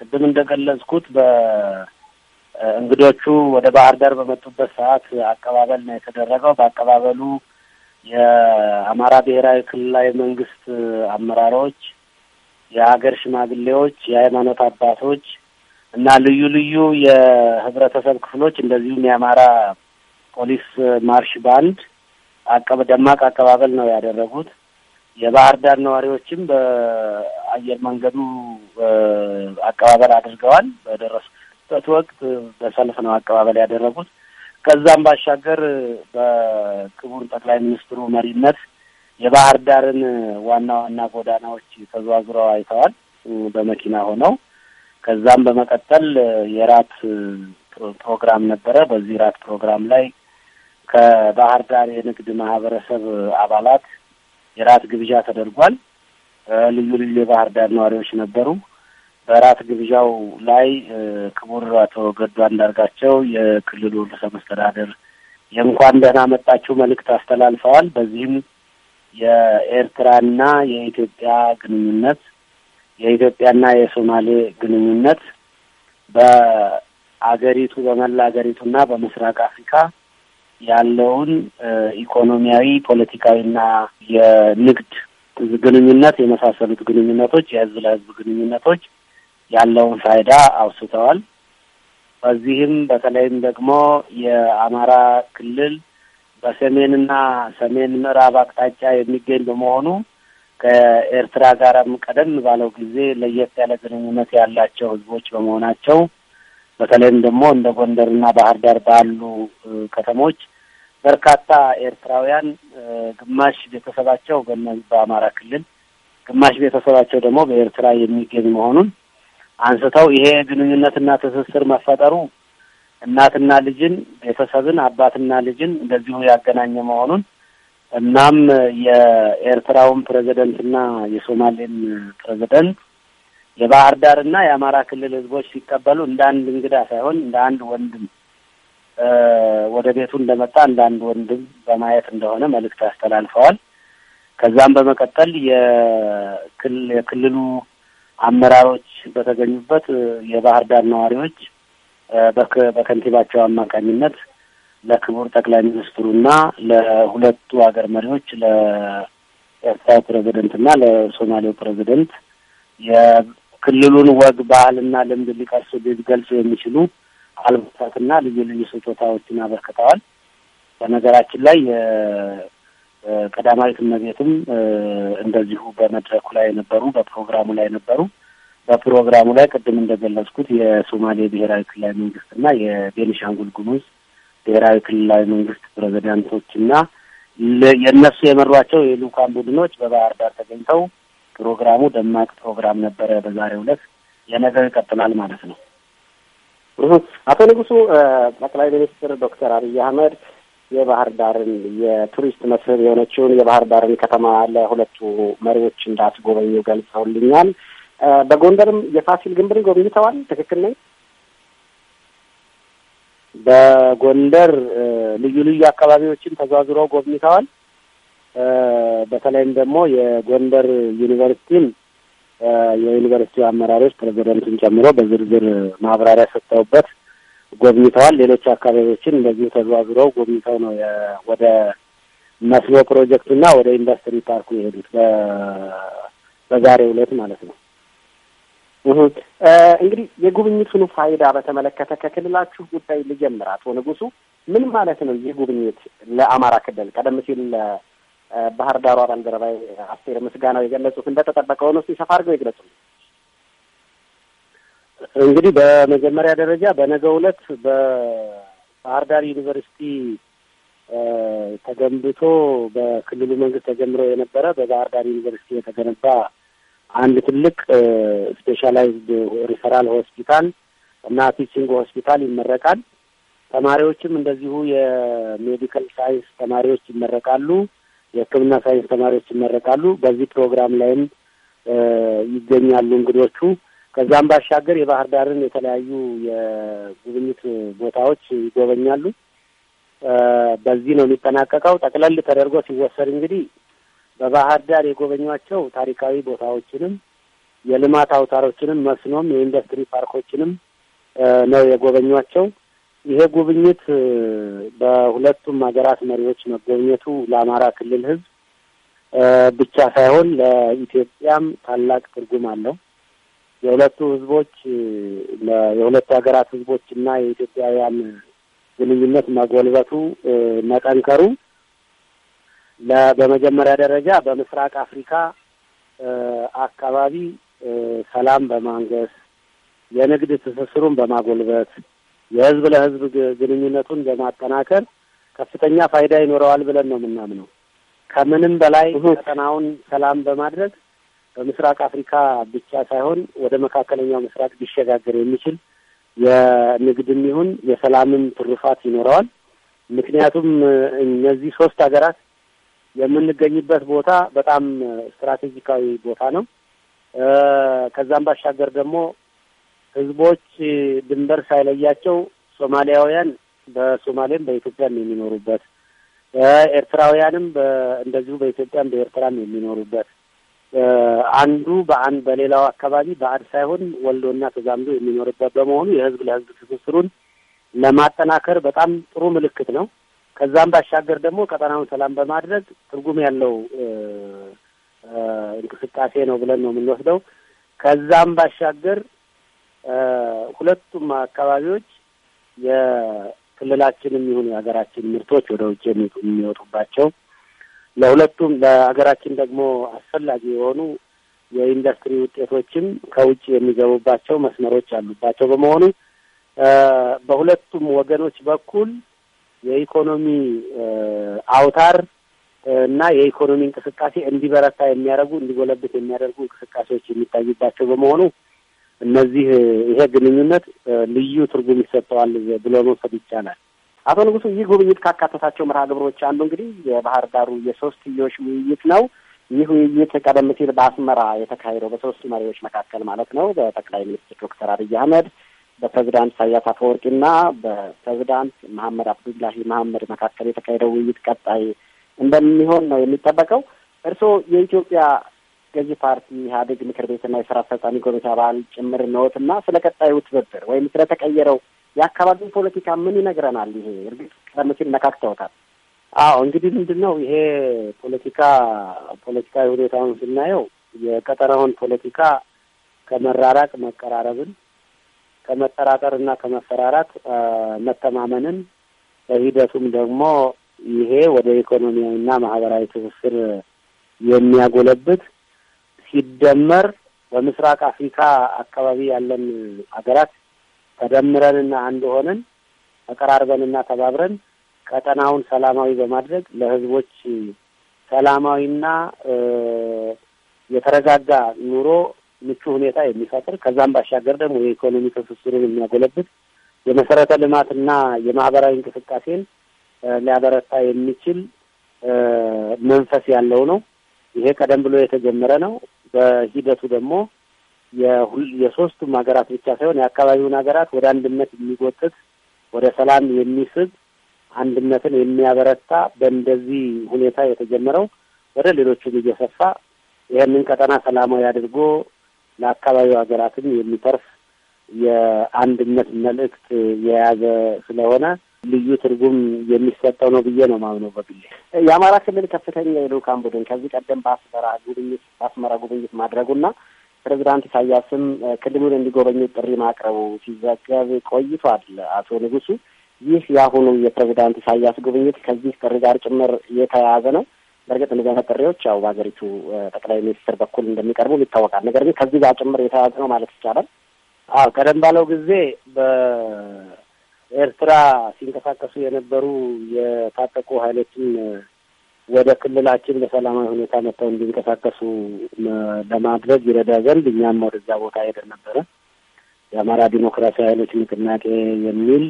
Speaker 7: ቅድም እንደገለጽኩት በእንግዶቹ ወደ ባህር ዳር በመጡበት ሰዓት አቀባበል ነው የተደረገው። በአቀባበሉ የአማራ ብሔራዊ ክልላዊ መንግስት አመራሮች የሀገር ሽማግሌዎች፣ የሃይማኖት አባቶች እና ልዩ ልዩ የህብረተሰብ ክፍሎች እንደዚሁም የአማራ ፖሊስ ማርሽ ባንድ አቀበ ደማቅ አቀባበል ነው ያደረጉት። የባህር ዳር ነዋሪዎችም በአየር መንገዱ አቀባበል አድርገዋል። በደረሱበት ወቅት በሰልፍ ነው አቀባበል ያደረጉት። ከዛም ባሻገር በክቡር ጠቅላይ ሚኒስትሩ መሪነት የባህር ዳርን ዋና ዋና ጎዳናዎች ተዘዋዝረው አይተዋል በመኪና ሆነው። ከዛም በመቀጠል የራት ፕሮግራም ነበረ። በዚህ ራት ፕሮግራም ላይ ከባህር ዳር የንግድ ማህበረሰብ አባላት የራት ግብዣ ተደርጓል። ልዩ ልዩ የባህር ዳር ነዋሪዎች ነበሩ። በራት ግብዣው ላይ ክቡር አቶ ገዱ አንዳርጋቸው የክልሉ ርዕሰ መስተዳደር የእንኳን ደህና መጣችሁ መልእክት አስተላልፈዋል። በዚህም የኤርትራና የኢትዮጵያ ግንኙነት የኢትዮጵያና የሶማሌ ግንኙነት በአገሪቱ በመላ አገሪቱና በምስራቅ አፍሪካ ያለውን ኢኮኖሚያዊ፣ ፖለቲካዊና የንግድ ግንኙነት የመሳሰሉት ግንኙነቶች የህዝብ ለህዝብ ግንኙነቶች ያለውን ፋይዳ አውስተዋል። በዚህም በተለይም ደግሞ የአማራ ክልል በሰሜንና ሰሜን ምዕራብ አቅጣጫ የሚገኝ በመሆኑ ከኤርትራ ጋርም ቀደም ባለው ጊዜ ለየት ያለ ግንኙነት ያላቸው ህዝቦች በመሆናቸው በተለይም ደግሞ እንደ ጎንደርና ባህር ዳር ባሉ ከተሞች በርካታ ኤርትራውያን ግማሽ ቤተሰባቸው በአማራ ክልል፣ ግማሽ ቤተሰባቸው ደግሞ በኤርትራ የሚገኝ መሆኑን አንስተው ይሄ ግንኙነትና ትስስር መፈጠሩ እናትና ልጅን፣ ቤተሰብን፣ አባትና ልጅን እንደዚሁ ያገናኘ መሆኑን እናም የኤርትራውን ፕሬዚደንትና የሶማሌን ፕሬዚደንት የባህር ዳርና የአማራ ክልል ህዝቦች ሲቀበሉ እንደ አንድ እንግዳ ሳይሆን እንደ አንድ ወንድም ወደ ቤቱ እንደመጣ እንደ አንድ ወንድም በማየት እንደሆነ መልእክት አስተላልፈዋል። ከዛም በመቀጠል የክልሉ አመራሮች በተገኙበት የባህር ዳር ነዋሪዎች በከንቲባቸው አማካኝነት ለክቡር ጠቅላይ ሚኒስትሩና ለሁለቱ ሀገር መሪዎች ለኤርትራ ፕሬዚደንትና ለሶማሌው ፕሬዚደንት የክልሉን ወግ ባህልና ልምድ ሊቀርሱ ሊገልጹ የሚችሉ አልባሳትና ልዩ ልዩ ስጦታዎችን አበርክተዋል። በነገራችን ላይ ቀዳማዊት እመቤትም እንደዚሁ በመድረኩ ላይ ነበሩ፣ በፕሮግራሙ ላይ ነበሩ። በፕሮግራሙ ላይ ቅድም እንደገለጽኩት የሶማሌ ብሔራዊ ክልላዊ መንግስትና የቤኒሻንጉል ጉሙዝ ብሔራዊ ክልላዊ መንግስት ፕሬዚዳንቶችና የእነሱ የመሯቸው የልኡካን ቡድኖች በባህር ዳር ተገኝተው ፕሮግራሙ ደማቅ ፕሮግራም ነበረ። በዛሬው ዕለት የነገር ይቀጥላል ማለት ነው። አቶ ንጉሱ፣ ጠቅላይ ሚኒስትር ዶክተር አብይ አህመድ የባህር ዳርን የቱሪስት መስህብ የሆነችውን የባህር ዳርን ከተማ ለሁለቱ መሪዎች እንዳትጎበኙ ገልጸውልኛል። በጎንደርም የፋሲል ግንብን ጎብኝተዋል? ትክክል ነኝ? በጎንደር ልዩ ልዩ አካባቢዎችን ተዘዋዝረው ጎብኝተዋል። በተለይም ደግሞ የጎንደር ዩኒቨርሲቲን የዩኒቨርሲቲው አመራሮች ፕሬዚደንቱን ጨምሮ በዝርዝር ማብራሪያ ሰጥተውበት ጎብኝተዋል። ሌሎች አካባቢዎችን እንደዚሁ ተዘዋዝረው ጎብኝተው ነው ወደ መስኖ ፕሮጀክቱና ወደ ኢንዱስትሪ ፓርኩ የሄዱት በዛሬው ዕለት ማለት ነው። እንግዲህ የጉብኝቱን ፋይዳ በተመለከተ ከክልላችሁ ጉዳይ ልጀምር። አቶ ንጉሱ ምን ማለት ነው ይህ ጉብኝት ለአማራ ክልል? ቀደም ሲል ባህር ዳሯ ባልደረባ አስቴር ምስጋናው የገለጹት እንደተጠበቀ ሆኖ እስኪ ሰፋ አድርገው ይግለጹ።
Speaker 3: እንግዲህ በመጀመሪያ
Speaker 7: ደረጃ በነገው ዕለት በባህር ዳር ዩኒቨርሲቲ ተገንብቶ በክልሉ መንግስት ተጀምሮ የነበረ በባህር ዳር ዩኒቨርሲቲ የተገነባ አንድ ትልቅ ስፔሻላይዝድ ሪፈራል ሆስፒታል እና ቲችንግ ሆስፒታል ይመረቃል። ተማሪዎችም እንደዚሁ የሜዲካል ሳይንስ ተማሪዎች ይመረቃሉ፣ የሕክምና ሳይንስ ተማሪዎች ይመረቃሉ። በዚህ ፕሮግራም ላይም ይገኛሉ እንግዶቹ። ከዛም ባሻገር የባህር ዳርን የተለያዩ የጉብኝት ቦታዎች ይጎበኛሉ። በዚህ ነው የሚጠናቀቀው። ጠቅለል ተደርጎ ሲወሰድ እንግዲህ በባህር ዳር የጎበኟቸው ታሪካዊ ቦታዎችንም የልማት አውታሮችንም መስኖም የኢንዱስትሪ ፓርኮችንም ነው የጎበኟቸው። ይሄ ጉብኝት በሁለቱም ሀገራት መሪዎች መጎብኘቱ ለአማራ ክልል ሕዝብ ብቻ ሳይሆን ለኢትዮጵያም ታላቅ ትርጉም አለው። የሁለቱ ሕዝቦች የሁለቱ ሀገራት ሕዝቦች እና የኢትዮጵያውያን ግንኙነት መጎልበቱ መጠንከሩ በመጀመሪያ ደረጃ በምስራቅ አፍሪካ አካባቢ ሰላም በማንገስ የንግድ ትስስሩን በማጎልበት የህዝብ ለህዝብ ግንኙነቱን በማጠናከር ከፍተኛ ፋይዳ ይኖረዋል ብለን ነው የምናምነው። ከምንም በላይ ቀጠናውን ሰላም በማድረግ በምስራቅ አፍሪካ ብቻ ሳይሆን ወደ መካከለኛው ምስራቅ ሊሸጋገር የሚችል የንግድም ይሁን የሰላምም ትሩፋት ይኖረዋል። ምክንያቱም እነዚህ ሶስት ሀገራት የምንገኝበት ቦታ በጣም ስትራቴጂካዊ ቦታ ነው። ከዛም ባሻገር ደግሞ ህዝቦች ድንበር ሳይለያቸው ሶማሊያውያን በሶማሌም በኢትዮጵያም የሚኖሩበት ኤርትራውያንም እንደዚሁ በኢትዮጵያም በኤርትራም የሚኖሩበት አንዱ በአንድ በሌላው አካባቢ በአድ ሳይሆን ወልዶና ተዛምዶ የሚኖርበት በመሆኑ የህዝብ ለህዝብ ትስስሩን ለማጠናከር በጣም ጥሩ ምልክት ነው። ከዛም ባሻገር ደግሞ ቀጠናውን ሰላም በማድረግ ትርጉም ያለው እንቅስቃሴ ነው ብለን ነው የምንወስደው። ከዛም ባሻገር ሁለቱም አካባቢዎች የክልላችንም ይሁን የሀገራችን ምርቶች ወደ ውጭ የሚወጡባቸው ለሁለቱም ለሀገራችን ደግሞ አስፈላጊ የሆኑ የኢንዱስትሪ ውጤቶችም ከውጭ የሚገቡባቸው መስመሮች ያሉባቸው በመሆኑ በሁለቱም ወገኖች በኩል የኢኮኖሚ አውታር እና የኢኮኖሚ እንቅስቃሴ እንዲበረታ የሚያደርጉ እንዲጎለብት የሚያደርጉ እንቅስቃሴዎች የሚታዩባቸው በመሆኑ እነዚህ ይሄ ግንኙነት ልዩ ትርጉም ይሰጠዋል ብሎ መውሰድ ይቻላል። አቶ ንጉሱ፣ ይህ ጉብኝት ካካተታቸው መርሃ ግብሮች አንዱ እንግዲህ የባህር ዳሩ የሶስትዮሽ ውይይት ነው። ይህ ውይይት ቀደም ሲል በአስመራ የተካሄደው በሶስቱ መሪዎች መካከል ማለት ነው በጠቅላይ ሚኒስትር ዶክተር አብይ አህመድ በፕሬዚዳንት ኢሳያስ አፈወርቂና በፕሬዚዳንት መሀመድ አብዱላሂ መሀመድ መካከል የተካሄደው ውይይት ቀጣይ እንደሚሆን ነው የሚጠበቀው። እርስዎ የኢትዮጵያ ገዢ ፓርቲ ኢህአዴግ ምክር ቤትና የስራ አስፈጻሚ ኮሚቴ አባል ጭምር ነዎትና ስለ ቀጣዩ ትብብር ወይም ስለተቀየረው የአካባቢ ፖለቲካ ምን ይነግረናል? ይሄ እርግጥ ቀደም ሲል ነካክተውታል። አዎ እንግዲህ ምንድን ነው ይሄ ፖለቲካ ፖለቲካዊ ሁኔታውን ስናየው የቀጠናውን ፖለቲካ ከመራራቅ መቀራረብን ከመጠራጠር እና ከመፈራራት መተማመንን በሂደቱም ደግሞ ይሄ ወደ ኢኮኖሚያዊ ና ማህበራዊ ትስስር የሚያጎለብት ሲደመር በምስራቅ አፍሪካ አካባቢ ያለን ሀገራት ተደምረንና አንድ ሆነን ተቀራርበንና ተባብረን ቀጠናውን ሰላማዊ በማድረግ ለህዝቦች ሰላማዊና የተረጋጋ ኑሮ ምቹ ሁኔታ የሚፈጥር ከዛም ባሻገር ደግሞ የኢኮኖሚ ትስስሩን የሚያጎለብት የመሰረተ ልማትና የማህበራዊ እንቅስቃሴን ሊያበረታ የሚችል መንፈስ ያለው ነው። ይሄ ቀደም ብሎ የተጀመረ ነው። በሂደቱ ደግሞ የሶስቱም ሀገራት ብቻ ሳይሆን የአካባቢውን ሀገራት ወደ አንድነት የሚጎትት ወደ ሰላም የሚስብ አንድነትን የሚያበረታ በእንደዚህ ሁኔታ የተጀመረው ወደ ሌሎቹም እየሰፋ ይህንን ቀጠና ሰላማዊ አድርጎ ለአካባቢው ሀገራትም የሚተርፍ የአንድነት መልእክት የያዘ ስለሆነ ልዩ ትርጉም የሚሰጠው ነው ብዬ ነው ማምነው። በግሌ የአማራ ክልል ከፍተኛ የልዑካን ቡድን ከዚህ ቀደም በአስመራ ጉብኝት በአስመራ ጉብኝት ማድረጉና ፕሬዚዳንት ኢሳያስም ክልሉን እንዲጎበኙ ጥሪ ማቅረቡ ሲዘገብ ቆይቷል። አቶ ንጉሱ፣ ይህ የአሁኑ የፕሬዚዳንት ኢሳያስ ጉብኝት ከዚህ ጥሪ ጋር ጭምር የተያያዘ ነው? በእርግጥ እነዚያ ጥሪዎች ያው በሀገሪቱ ጠቅላይ ሚኒስትር በኩል እንደሚቀርቡ ይታወቃል። ነገር ግን ከዚህ ጋር ጭምር የተያያዘ ነው ማለት ይቻላል። አዎ ቀደም ባለው ጊዜ በኤርትራ ሲንቀሳቀሱ የነበሩ የታጠቁ ኃይሎችን ወደ ክልላችን በሰላማዊ ሁኔታ መጥተው እንዲንቀሳቀሱ ለማድረግ ይረዳ ዘንድ እኛም ወደዛ ቦታ ሄደን ነበረ። የአማራ ዲሞክራሲያዊ ኃይሎች ንቅናቄ የሚል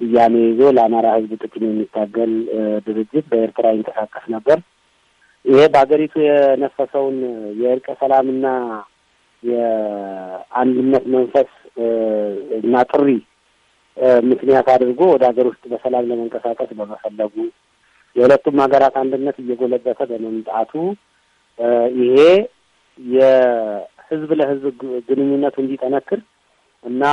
Speaker 7: ስያሜ ይዞ ለአማራ ሕዝብ ጥቅም የሚታገል ድርጅት በኤርትራ ይንቀሳቀስ ነበር። ይሄ በሀገሪቱ የነፈሰውን የእርቀ ሰላምና የአንድነት መንፈስ እና ጥሪ ምክንያት አድርጎ ወደ ሀገር ውስጥ በሰላም ለመንቀሳቀስ በመፈለጉ
Speaker 3: የሁለቱም ሀገራት
Speaker 7: አንድነት እየጎለበተ በመምጣቱ ይሄ የህዝብ ለህዝብ ግንኙነቱ እንዲጠነክር እና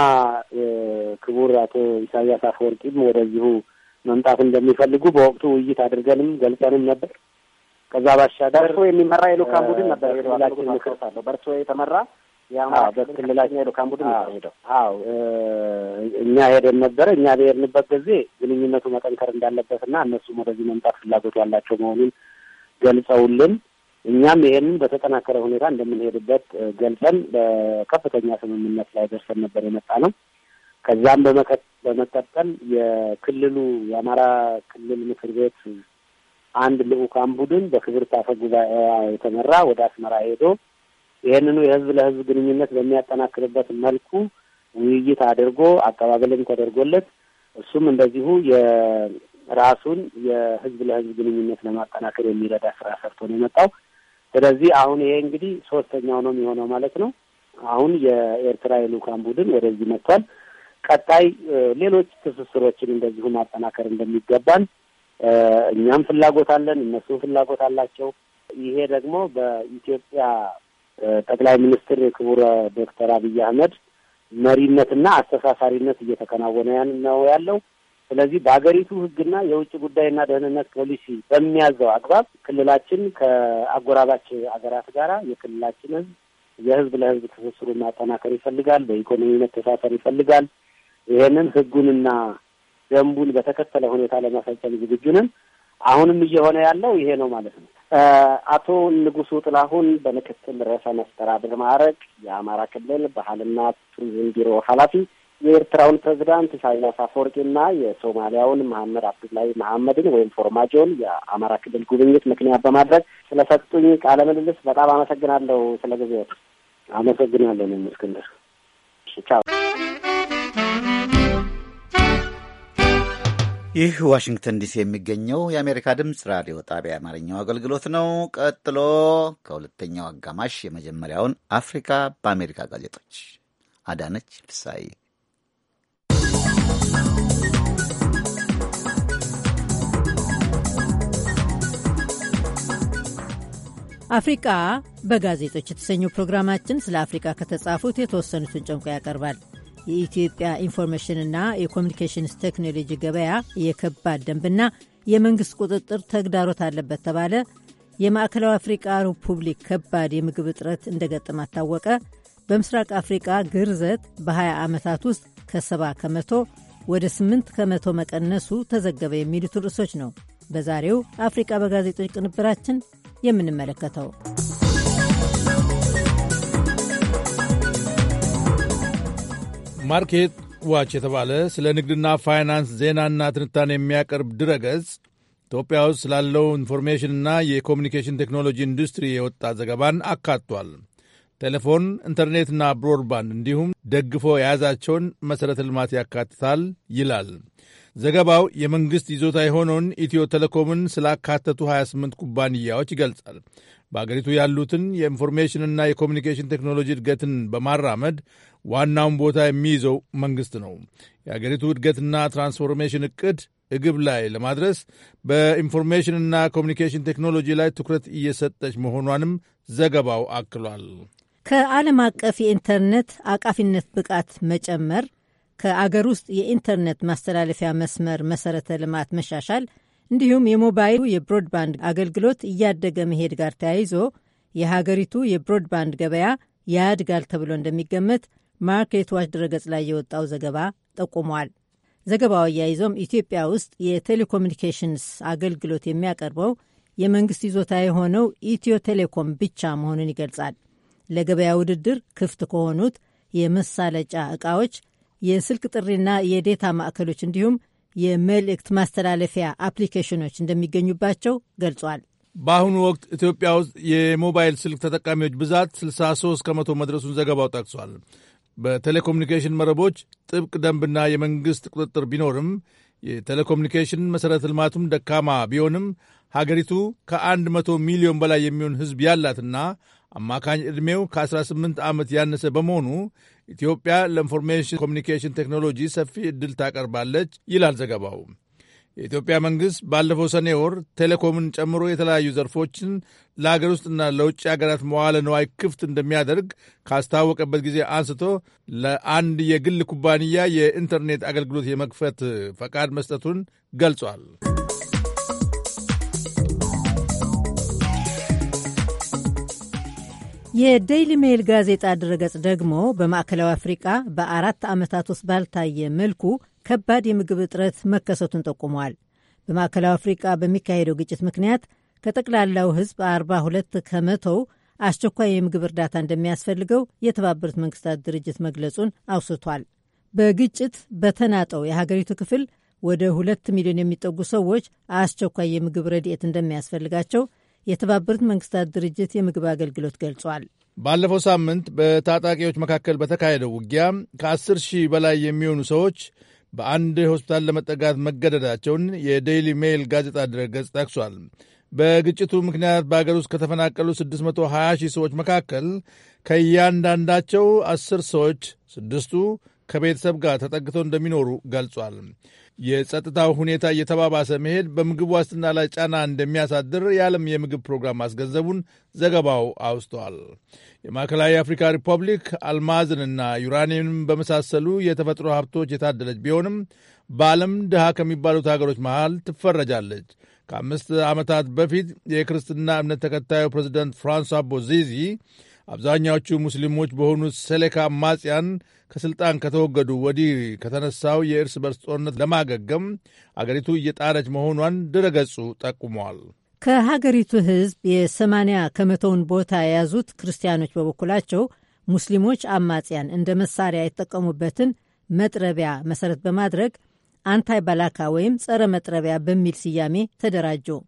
Speaker 7: ክቡር አቶ ኢሳያስ አፈወርቂም ወደዚሁ መምጣት እንደሚፈልጉ በወቅቱ ውይይት አድርገንም ገልጸንም ነበር። ከዛ ባሻገር በእርሶ የሚመራ የልኡካን ቡድን ነበር ላችን ምክር አለው። በእርሶ የተመራ በክልላችን የልኡካን ቡድን ነበር ሄደው። አዎ እኛ ሄደን ነበረ። እኛ በሄድንበት ጊዜ ግንኙነቱ መጠንከር እንዳለበት እንዳለበትና እነሱም ወደዚህ መምጣት ፍላጎት ያላቸው መሆኑን ገልጸውልን እኛም ይሄንን በተጠናከረ ሁኔታ እንደምንሄድበት ገልጸን በከፍተኛ ስምምነት ላይ ደርሰን ነበር የመጣ ነው። ከዛም በመቀጠል የክልሉ የአማራ ክልል ምክር ቤት አንድ ልዑካን ቡድን በክብርት አፈ ጉባኤ የተመራ ወደ አስመራ ሄዶ ይህንኑ የህዝብ ለህዝብ ግንኙነት በሚያጠናክርበት መልኩ ውይይት አድርጎ አቀባበልም ተደርጎለት እሱም እንደዚሁ የራሱን የህዝብ ለህዝብ ግንኙነት ለማጠናከር የሚረዳ ስራ ሰርቶ ነው የመጣው። ስለዚህ አሁን ይሄ እንግዲህ ሶስተኛው ነው የሚሆነው ማለት ነው። አሁን የኤርትራ የልኡካን ቡድን ወደዚህ መጥቷል። ቀጣይ ሌሎች ትስስሮችን እንደዚሁ ማጠናከር እንደሚገባን እኛም ፍላጎት አለን፣ እነሱም ፍላጎት አላቸው። ይሄ ደግሞ በኢትዮጵያ ጠቅላይ ሚኒስትር ክቡረ ዶክተር አብይ አህመድ መሪነትና አስተሳሳሪነት እየተከናወነ ያን ነው ያለው። ስለዚህ በሀገሪቱ ሕግና የውጭ ጉዳይና ደህንነት ፖሊሲ በሚያዘው አግባብ ክልላችን ከአጎራባች ሀገራት ጋራ የክልላችን ሕዝብ የሕዝብ ለሕዝብ ትስስሩን ማጠናከር ይፈልጋል። በኢኮኖሚ መተሳሰር ይፈልጋል። ይህንን ሕጉንና ደንቡን በተከተለ ሁኔታ ለመፈጸም ዝግጁ ነን። አሁንም እየሆነ ያለው ይሄ ነው ማለት ነው። አቶ ንጉሱ ጥላሁን በምክትል ርዕሰ መስተዳድር ማዕረግ የአማራ ክልል ባህልና ቱሪዝም ቢሮ ኃላፊ የኤርትራውን ፕሬዚዳንት ኢሳያስ አፈወርቂና የሶማሊያውን መሐመድ አብዱላሂ መሐመድን ወይም ፎርማጆን የአማራ ክልል ጉብኝት ምክንያት በማድረግ ስለሰጡኝ ቃለ ምልልስ በጣም አመሰግናለሁ። ስለ ጊዜው አመሰግናለሁ።
Speaker 1: እስክንድር ቻው። ይህ ዋሽንግተን ዲሲ የሚገኘው የአሜሪካ ድምፅ ራዲዮ ጣቢያ የአማርኛው አገልግሎት ነው። ቀጥሎ ከሁለተኛው አጋማሽ የመጀመሪያውን አፍሪካ በአሜሪካ ጋዜጦች አዳነች ፍሳይ
Speaker 8: አፍሪቃ በጋዜጦች የተሰኘው ፕሮግራማችን ስለ አፍሪቃ ከተጻፉት የተወሰኑትን ጨምቆ ያቀርባል። የኢትዮጵያ ኢንፎርሜሽንና የኮሚኒኬሽንስ ቴክኖሎጂ ገበያ የከባድ ደንብና የመንግሥት ቁጥጥር ተግዳሮት አለበት ተባለ፣ የማዕከላዊ አፍሪቃ ሪፑብሊክ ከባድ የምግብ እጥረት እንደገጠማ ታወቀ፣ በምስራቅ አፍሪቃ ግርዘት በ20 ዓመታት ውስጥ ከ ከመቶ ወደ 8 ከመቶ መቀነሱ ተዘገበ የሚሉት ርዕሶች ነው በዛሬው አፍሪቃ በጋዜጦች ቅንብራችን የምንመለከተው።
Speaker 9: ማርኬት ዋች የተባለ ስለ ንግድና ፋይናንስ ዜናና ትንታኔ የሚያቀርብ ድረገጽ ኢትዮጵያ ውስጥ ስላለው ኢንፎርሜሽንና የኮሚኒኬሽን ቴክኖሎጂ ኢንዱስትሪ የወጣ ዘገባን አካቷል። ቴሌፎን፣ ኢንተርኔትና ብሮድባንድ እንዲሁም ደግፎ የያዛቸውን መሠረተ ልማት ያካትታል ይላል ዘገባው። የመንግሥት ይዞታ የሆነውን ኢትዮ ቴሌኮምን ስላካተቱ 28 ኩባንያዎች ይገልጻል። በአገሪቱ ያሉትን የኢንፎርሜሽንና የኮሚኒኬሽን ቴክኖሎጂ እድገትን በማራመድ ዋናውን ቦታ የሚይዘው መንግሥት ነው። የአገሪቱ እድገትና ትራንስፎርሜሽን እቅድ እግብ ላይ ለማድረስ በኢንፎርሜሽንና ኮሚኒኬሽን ቴክኖሎጂ ላይ ትኩረት እየሰጠች መሆኗንም ዘገባው አክሏል።
Speaker 8: ከዓለም አቀፍ የኢንተርኔት አቃፊነት ብቃት መጨመር፣ ከአገር ውስጥ የኢንተርኔት ማስተላለፊያ መስመር መሰረተ ልማት መሻሻል እንዲሁም የሞባይሉ የብሮድባንድ አገልግሎት እያደገ መሄድ ጋር ተያይዞ የሀገሪቱ የብሮድባንድ ገበያ ያድጋል ተብሎ እንደሚገመት ማርኬት ዋች ድረገጽ ላይ የወጣው ዘገባ ጠቁሟል። ዘገባው አያይዞም ኢትዮጵያ ውስጥ የቴሌኮሙኒኬሽንስ አገልግሎት የሚያቀርበው የመንግስት ይዞታ የሆነው ኢትዮ ቴሌኮም ብቻ መሆኑን ይገልጻል። ለገበያ ውድድር ክፍት ከሆኑት የመሳለጫ ዕቃዎች የስልክ ጥሪና የዴታ ማዕከሎች እንዲሁም የመልእክት ማስተላለፊያ አፕሊኬሽኖች እንደሚገኙባቸው ገልጿል።
Speaker 9: በአሁኑ ወቅት ኢትዮጵያ ውስጥ የሞባይል ስልክ ተጠቃሚዎች ብዛት 63 ከመቶ መድረሱን ዘገባው ጠቅሷል። በቴሌኮሙኒኬሽን መረቦች ጥብቅ ደንብና የመንግሥት ቁጥጥር ቢኖርም የቴሌኮሙኒኬሽን መሠረተ ልማቱም ደካማ ቢሆንም ሀገሪቱ ከ መቶ ሚሊዮን በላይ የሚሆን ሕዝብ ያላትና አማካኝ ዕድሜው ከ18 ዓመት ያነሰ በመሆኑ ኢትዮጵያ ለኢንፎርሜሽን ኮሚኒኬሽን ቴክኖሎጂ ሰፊ ዕድል ታቀርባለች ይላል ዘገባው። የኢትዮጵያ መንግሥት ባለፈው ሰኔ ወር ቴሌኮምን ጨምሮ የተለያዩ ዘርፎችን ለአገር ውስጥና ለውጭ አገራት መዋለ ነዋይ ክፍት እንደሚያደርግ ካስታወቀበት ጊዜ አንስቶ ለአንድ የግል ኩባንያ የኢንተርኔት አገልግሎት የመክፈት ፈቃድ መስጠቱን ገልጿል።
Speaker 8: የዴይሊ ሜይል ጋዜጣ ድረገጽ ደግሞ በማዕከላዊ አፍሪቃ በአራት ዓመታት ውስጥ ባልታየ መልኩ ከባድ የምግብ እጥረት መከሰቱን ጠቁመዋል። በማዕከላዊ አፍሪቃ በሚካሄደው ግጭት ምክንያት ከጠቅላላው ሕዝብ 42 ከመቶው አስቸኳይ የምግብ እርዳታ እንደሚያስፈልገው የተባበሩት መንግስታት ድርጅት መግለጹን አውስቷል። በግጭት በተናጠው የሀገሪቱ ክፍል ወደ ሁለት ሚሊዮን የሚጠጉ ሰዎች አስቸኳይ የምግብ ረድኤት እንደሚያስፈልጋቸው የተባበሩት መንግስታት ድርጅት የምግብ አገልግሎት ገልጿል።
Speaker 9: ባለፈው ሳምንት በታጣቂዎች መካከል በተካሄደው ውጊያ ከ10 ሺህ በላይ የሚሆኑ ሰዎች በአንድ ሆስፒታል ለመጠጋት መገደዳቸውን የዴይሊ ሜይል ጋዜጣ ድረገጽ ጠቅሷል። በግጭቱ ምክንያት በአገር ውስጥ ከተፈናቀሉ 620 ሺህ ሰዎች መካከል ከእያንዳንዳቸው አስር ሰዎች ስድስቱ ከቤተሰብ ጋር ተጠግተው እንደሚኖሩ ገልጿል። የጸጥታው ሁኔታ እየተባባሰ መሄድ በምግብ ዋስትና ላይ ጫና እንደሚያሳድር የዓለም የምግብ ፕሮግራም ማስገንዘቡን ዘገባው አውስተዋል። የማዕከላዊ አፍሪካ ሪፐብሊክ አልማዝንና ዩራኒየምን በመሳሰሉ የተፈጥሮ ሀብቶች የታደለች ቢሆንም በዓለም ድሃ ከሚባሉት ሀገሮች መሃል ትፈረጃለች። ከአምስት ዓመታት በፊት የክርስትና እምነት ተከታዩ ፕሬዚደንት ፍራንሷ ቦዚዚ አብዛኛዎቹ ሙስሊሞች በሆኑት ሰሌካ አማጽያን ከሥልጣን ከተወገዱ ወዲህ ከተነሳው የእርስ በርስ ጦርነት ለማገገም አገሪቱ እየጣረች መሆኗን ድረገጹ ጠቁሟል።
Speaker 8: ከሀገሪቱ ሕዝብ የ80 ከመቶውን ቦታ የያዙት ክርስቲያኖች በበኩላቸው ሙስሊሞች አማጽያን እንደ መሳሪያ የተጠቀሙበትን መጥረቢያ መሰረት በማድረግ አንታይ ባላካ ወይም ጸረ መጥረቢያ በሚል ስያሜ ተደራጀው።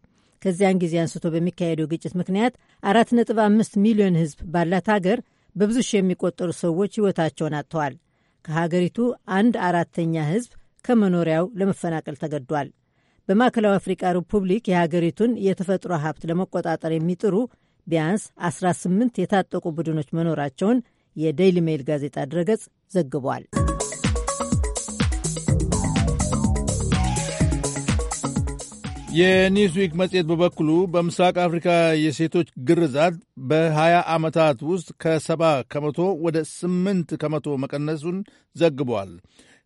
Speaker 8: ከዚያን ጊዜ አንስቶ በሚካሄደው ግጭት ምክንያት 4.5 ሚሊዮን ሕዝብ ባላት ሀገር በብዙ ሺህ የሚቆጠሩ ሰዎች ሕይወታቸውን አጥተዋል። ከሀገሪቱ አንድ አራተኛ ሕዝብ ከመኖሪያው ለመፈናቀል ተገዷል። በማዕከላዊ አፍሪቃ ሪፑብሊክ የሀገሪቱን የተፈጥሮ ሀብት ለመቆጣጠር የሚጥሩ ቢያንስ 18 የታጠቁ ቡድኖች መኖራቸውን የዴይሊ ሜይል ጋዜጣ ድረገጽ ዘግቧል።
Speaker 9: የኒውስዊክ መጽሔት በበኩሉ በምስራቅ አፍሪካ የሴቶች ግርዛት በ20 ዓመታት ውስጥ ከ ከመቶ ወደ 8 ከመቶ መቀነሱን ዘግቧል።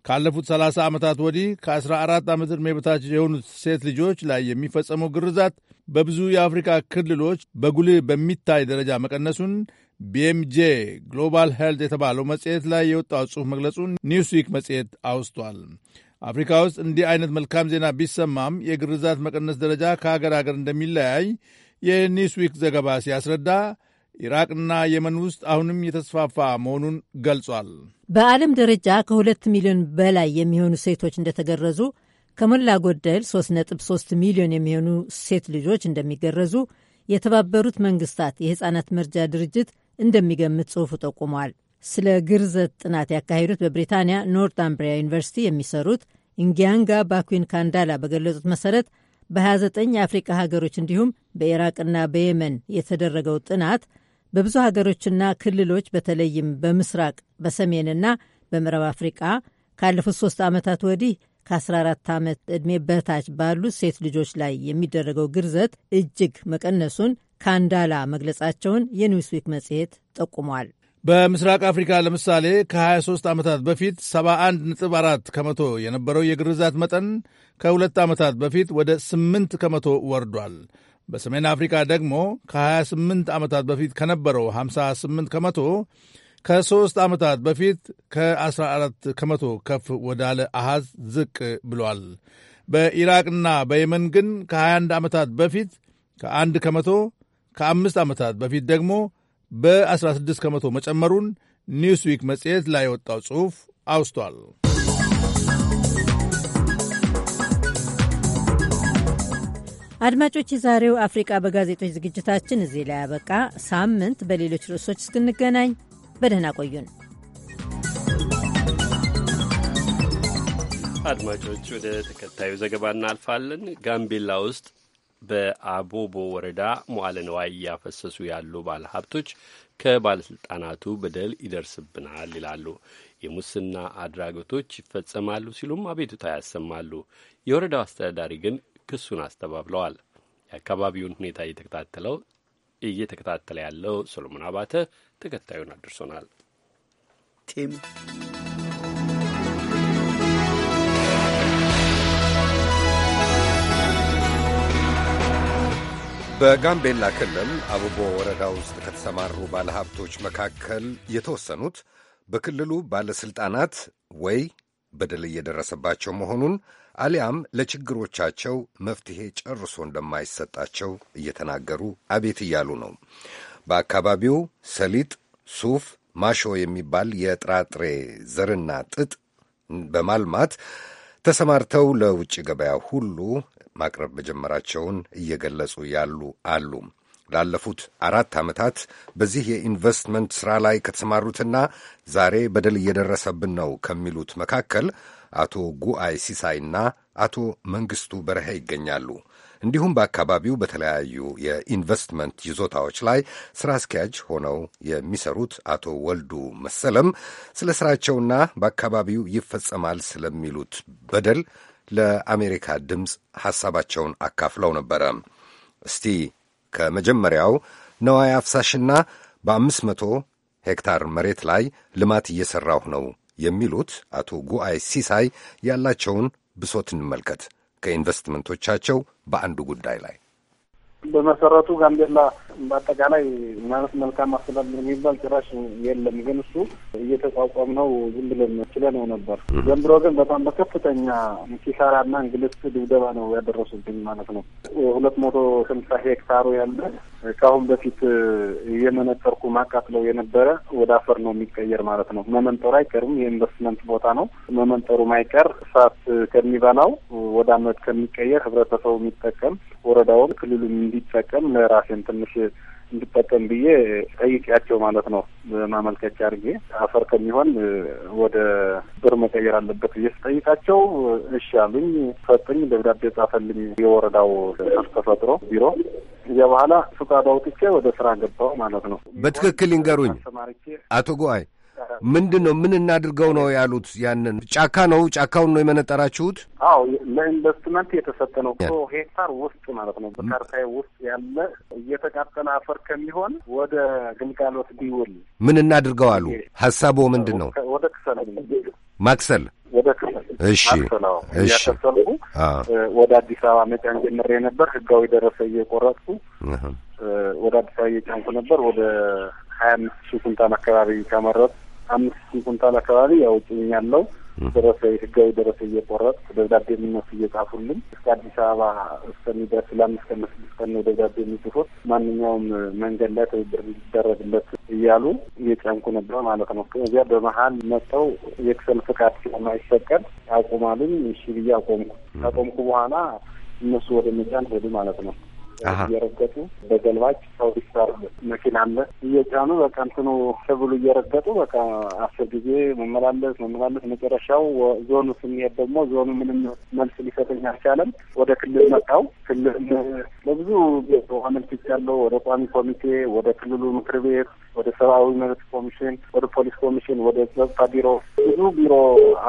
Speaker 9: ካለፉት 30 ዓመታት ወዲህ ከ14 ዓመት ዕድሜ በታች የሆኑት ሴት ልጆች ላይ የሚፈጸመው ግርዛት በብዙ የአፍሪካ ክልሎች በጉልህ በሚታይ ደረጃ መቀነሱን ቢኤምጄ ግሎባል ሄልት የተባለው መጽሔት ላይ የወጣው ጽሑፍ መግለጹን ኒውስዊክ መጽሔት አውስቷል። አፍሪካ ውስጥ እንዲህ አይነት መልካም ዜና ቢሰማም የግርዛት መቀነስ ደረጃ ከሀገር ሀገር እንደሚለያይ የኒውስዊክ ዘገባ ሲያስረዳ ኢራቅና የመን ውስጥ አሁንም የተስፋፋ መሆኑን ገልጿል።
Speaker 8: በዓለም ደረጃ ከሁለት ሚሊዮን በላይ የሚሆኑ ሴቶች እንደተገረዙ ከሞላ ጎደል 3.3 ሚሊዮን የሚሆኑ ሴት ልጆች እንደሚገረዙ የተባበሩት መንግስታት የሕፃናት መርጃ ድርጅት እንደሚገምት ጽሑፉ ጠቁሟል። ስለ ግርዘት ጥናት ያካሄዱት በብሪታንያ ኖርታምብሪያ ዩኒቨርሲቲ የሚሰሩት እንጊያንጋ ባኩን ካንዳላ በገለጹት መሰረት በ29 የአፍሪካ ሀገሮች እንዲሁም በኢራቅና በየመን የተደረገው ጥናት በብዙ ሀገሮችና ክልሎች በተለይም በምስራቅ በሰሜንና በምዕራብ አፍሪቃ ካለፉት ሶስት ዓመታት ወዲህ ከ14 ዓመት ዕድሜ በታች ባሉት ሴት ልጆች ላይ የሚደረገው ግርዘት እጅግ መቀነሱን ካንዳላ መግለጻቸውን የኒውስዊክ መጽሔት ጠቁሟል።
Speaker 9: በምስራቅ አፍሪካ ለምሳሌ ከ23 ዓመታት በፊት 71.4 ከመቶ የነበረው የግርዛት መጠን ከሁለት ዓመታት በፊት ወደ 8 ከመቶ ወርዷል። በሰሜን አፍሪካ ደግሞ ከ28 ዓመታት በፊት ከነበረው 58 ከመቶ ከሦስት ዓመታት በፊት ከ14 ከመቶ ከፍ ወዳለ አሃዝ ዝቅ ብሏል። በኢራቅና በየመን ግን ከ21 ዓመታት በፊት ከአንድ ከመቶ ከአምስት ዓመታት በፊት ደግሞ በ16 ከመቶ መጨመሩን ኒውስዊክ መጽሔት ላይ የወጣው ጽሑፍ አውስቷል።
Speaker 8: አድማጮች፣ የዛሬው አፍሪቃ በጋዜጦች ዝግጅታችን እዚህ ላይ ያበቃ። ሳምንት በሌሎች ርዕሶች እስክንገናኝ በደህና ቆዩን።
Speaker 2: አድማጮች፣ ወደ ተከታዩ ዘገባ እናልፋለን። ጋምቤላ ውስጥ በአቦቦ ወረዳ መዋለ ንዋይ እያፈሰሱ ያሉ ባለሀብቶች ከባለስልጣናቱ በደል ይደርስብናል ይላሉ። የሙስና አድራጎቶች ይፈጸማሉ ሲሉም አቤቱታ ያሰማሉ። የወረዳው አስተዳዳሪ ግን ክሱን አስተባብለዋል። የአካባቢውን ሁኔታ እየተከታተለው እየተከታተለ ያለው ሰሎሞን አባተ ተከታዩን አድርሶናል።
Speaker 1: ቲም
Speaker 10: በጋምቤላ ክልል አቡቦ ወረዳ ውስጥ ከተሰማሩ ባለሀብቶች መካከል የተወሰኑት በክልሉ ባለሥልጣናት ወይ በደል እየደረሰባቸው መሆኑን አሊያም ለችግሮቻቸው መፍትሔ ጨርሶ እንደማይሰጣቸው እየተናገሩ አቤት እያሉ ነው። በአካባቢው ሰሊጥ፣ ሱፍ፣ ማሾ የሚባል የጥራጥሬ ዘርና ጥጥ በማልማት ተሰማርተው ለውጭ ገበያ ሁሉ ማቅረብ መጀመራቸውን እየገለጹ ያሉ አሉ። ላለፉት አራት ዓመታት በዚህ የኢንቨስትመንት ሥራ ላይ ከተሰማሩትና ዛሬ በደል እየደረሰብን ነው ከሚሉት መካከል አቶ ጉአይ ሲሳይና አቶ መንግሥቱ በረሄ ይገኛሉ። እንዲሁም በአካባቢው በተለያዩ የኢንቨስትመንት ይዞታዎች ላይ ስራ አስኪያጅ ሆነው የሚሰሩት አቶ ወልዱ መሰለም ስለ ሥራቸውና በአካባቢው ይፈጸማል ስለሚሉት በደል ለአሜሪካ ድምፅ ሐሳባቸውን አካፍለው ነበረ። እስቲ ከመጀመሪያው ነዋይ አፍሳሽና በአምስት መቶ ሄክታር መሬት ላይ ልማት እየሠራሁ ነው የሚሉት አቶ ጉአይ ሲሳይ ያላቸውን ብሶት እንመልከት። ከኢንቨስትመንቶቻቸው በአንዱ ጉዳይ ላይ
Speaker 3: በመሰረቱ ጋምቤላ በአጠቃላይ ማለት መልካም አስተዳደር የሚባል ጭራሽ የለም። ግን እሱ እየተቋቋም ነው ዝም ብለን ችለ ነው ነበር። ዘንድሮ ግን በጣም በከፍተኛ ኪሳራና እንግልት ድብደባ ነው ያደረሱብኝ ማለት ነው። ሁለት መቶ ስልሳ ሄክታሩ ያለ ከአሁን በፊት እየመነጠርኩ ማቃጥለው የነበረ ወደ አፈር ነው የሚቀየር ማለት ነው። መመንጠሩ አይቀርም። የኢንቨስትመንት ቦታ ነው። መመንጠሩ ማይቀር እሳት ከሚበላው ወደ አመድ ከሚቀየር ህብረተሰቡ የሚጠቀም ወረዳውም ክልሉም እንዲጠቀም ለራሴን ትንሽ እንድጠቀም ብዬ ጠይቄያቸው ማለት ነው። ማመልከቻ አድርጌ አፈር ከሚሆን ወደ ብር መቀየር አለበት ብዬ ስጠይቃቸው እሺ አሉኝ። ሰጡኝ፣ ደብዳቤ ጻፈልኝ የወረዳው ተፈጥሮ ቢሮ። እዚያ በኋላ ፍቃድ አውጥቼ ወደ ስራ ገባው ማለት ነው።
Speaker 10: በትክክል ይንገሩኝ አቶ ጉአይ ምንድን ነው ምን እናድርገው ነው ያሉት? ያንን ጫካ ነው ጫካውን ነው የመነጠራችሁት?
Speaker 3: አዎ ለኢንቨስትመንት የተሰጠ ነው። ሄክታር ውስጥ ማለት ነው። በካርታ ውስጥ ያለ እየተቃጠለ አፈር ከሚሆን ወደ ግልጋሎት ቢውል
Speaker 10: ምን እናድርገው አሉ። ሀሳቦ ምንድን ነው? ወደ ክሰል ማክሰል
Speaker 3: ወደ ክሰል እሺ እያከሰልኩ ወደ አዲስ አበባ መጫን ጀምሬ ነበር። ህጋዊ ደረሰ እየቆረጥኩ ወደ አዲስ አበባ እየጫንኩ ነበር። ወደ ሀያ አምስት ሺህ ኩንታል አካባቢ ከመረጥ አምስት ኩንታል አካባቢ ያው ጭኝ ያለው ደረሰ ህጋዊ ደረሰ እየቆረጥ ደብዳቤ የሚነሱ እየጻፉልን እስከ አዲስ አበባ እስከሚደርስ ለአምስት ቀን ስድስት ቀን ነው ደብዳቤ የሚጽፉት። ማንኛውም መንገድ ላይ ትብብር እንዲደረግለት እያሉ እየጨንኩ ነበር ማለት ነው። እዚያ በመሀል መጥተው የክሰል ፍቃድ ስለማይፈቀድ አቁማሉኝ። እሺ ብዬ አቆምኩ። አቆምኩ በኋላ እነሱ ወደ መጫን ሄዱ ማለት ነው።
Speaker 10: እየረገጡ
Speaker 3: በገልባጭ ሰው መኪና አለ እየጫኑ በቃ እንትኑ ሰብሉ እየረገጡ በቃ አስር ጊዜ መመላለስ መመላለስ መጨረሻው ዞኑ ስንሄድ ደግሞ ዞኑ ምንም መልስ ሊሰጠኝ አልቻለም። ወደ ክልል መጣው። ክልል ለብዙ አመልክቻለሁ። ወደ ቋሚ ኮሚቴ፣ ወደ ክልሉ ምክር ቤት ወደ ሰብአዊ መብት ኮሚሽን፣ ወደ ፖሊስ ኮሚሽን፣ ወደ ጸጥታ ቢሮ ብዙ ቢሮ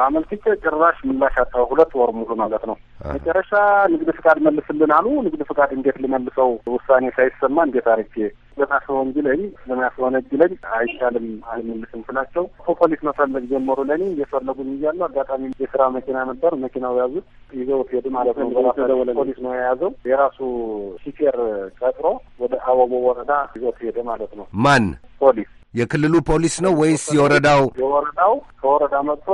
Speaker 3: አመልክቼ ጭራሽ ምላሽ አጣሁ። ሁለት ወር ሙሉ ማለት ነው። መጨረሻ ንግድ ፍቃድ መልስልን አሉ። ንግድ ፍቃድ እንዴት ልመልሰው? ውሳኔ ሳይሰማ እንዴት አርጌ እንጂ ለማስሆን ቢለኝ ለማስሆነ ቢለኝ አይቻልም አይመልስም ስላቸው ፖሊስ መፈለግ ጀመሩ። ለኔ እየፈለጉኝ እያሉ አጋጣሚ የስራ መኪና ነበር። መኪናው ያዙት፣ ይዘው ሄዱ ማለት ነው። ፖሊስ ነው የያዘው። የራሱ ሹፌር ቀጥሮ ወደ አወቦ ወረዳ ይዘው ሄደ ማለት ነው። ማን ፖሊስ?
Speaker 10: የክልሉ ፖሊስ ነው ወይስ የወረዳው?
Speaker 3: የወረዳው ከወረዳ መጥቶ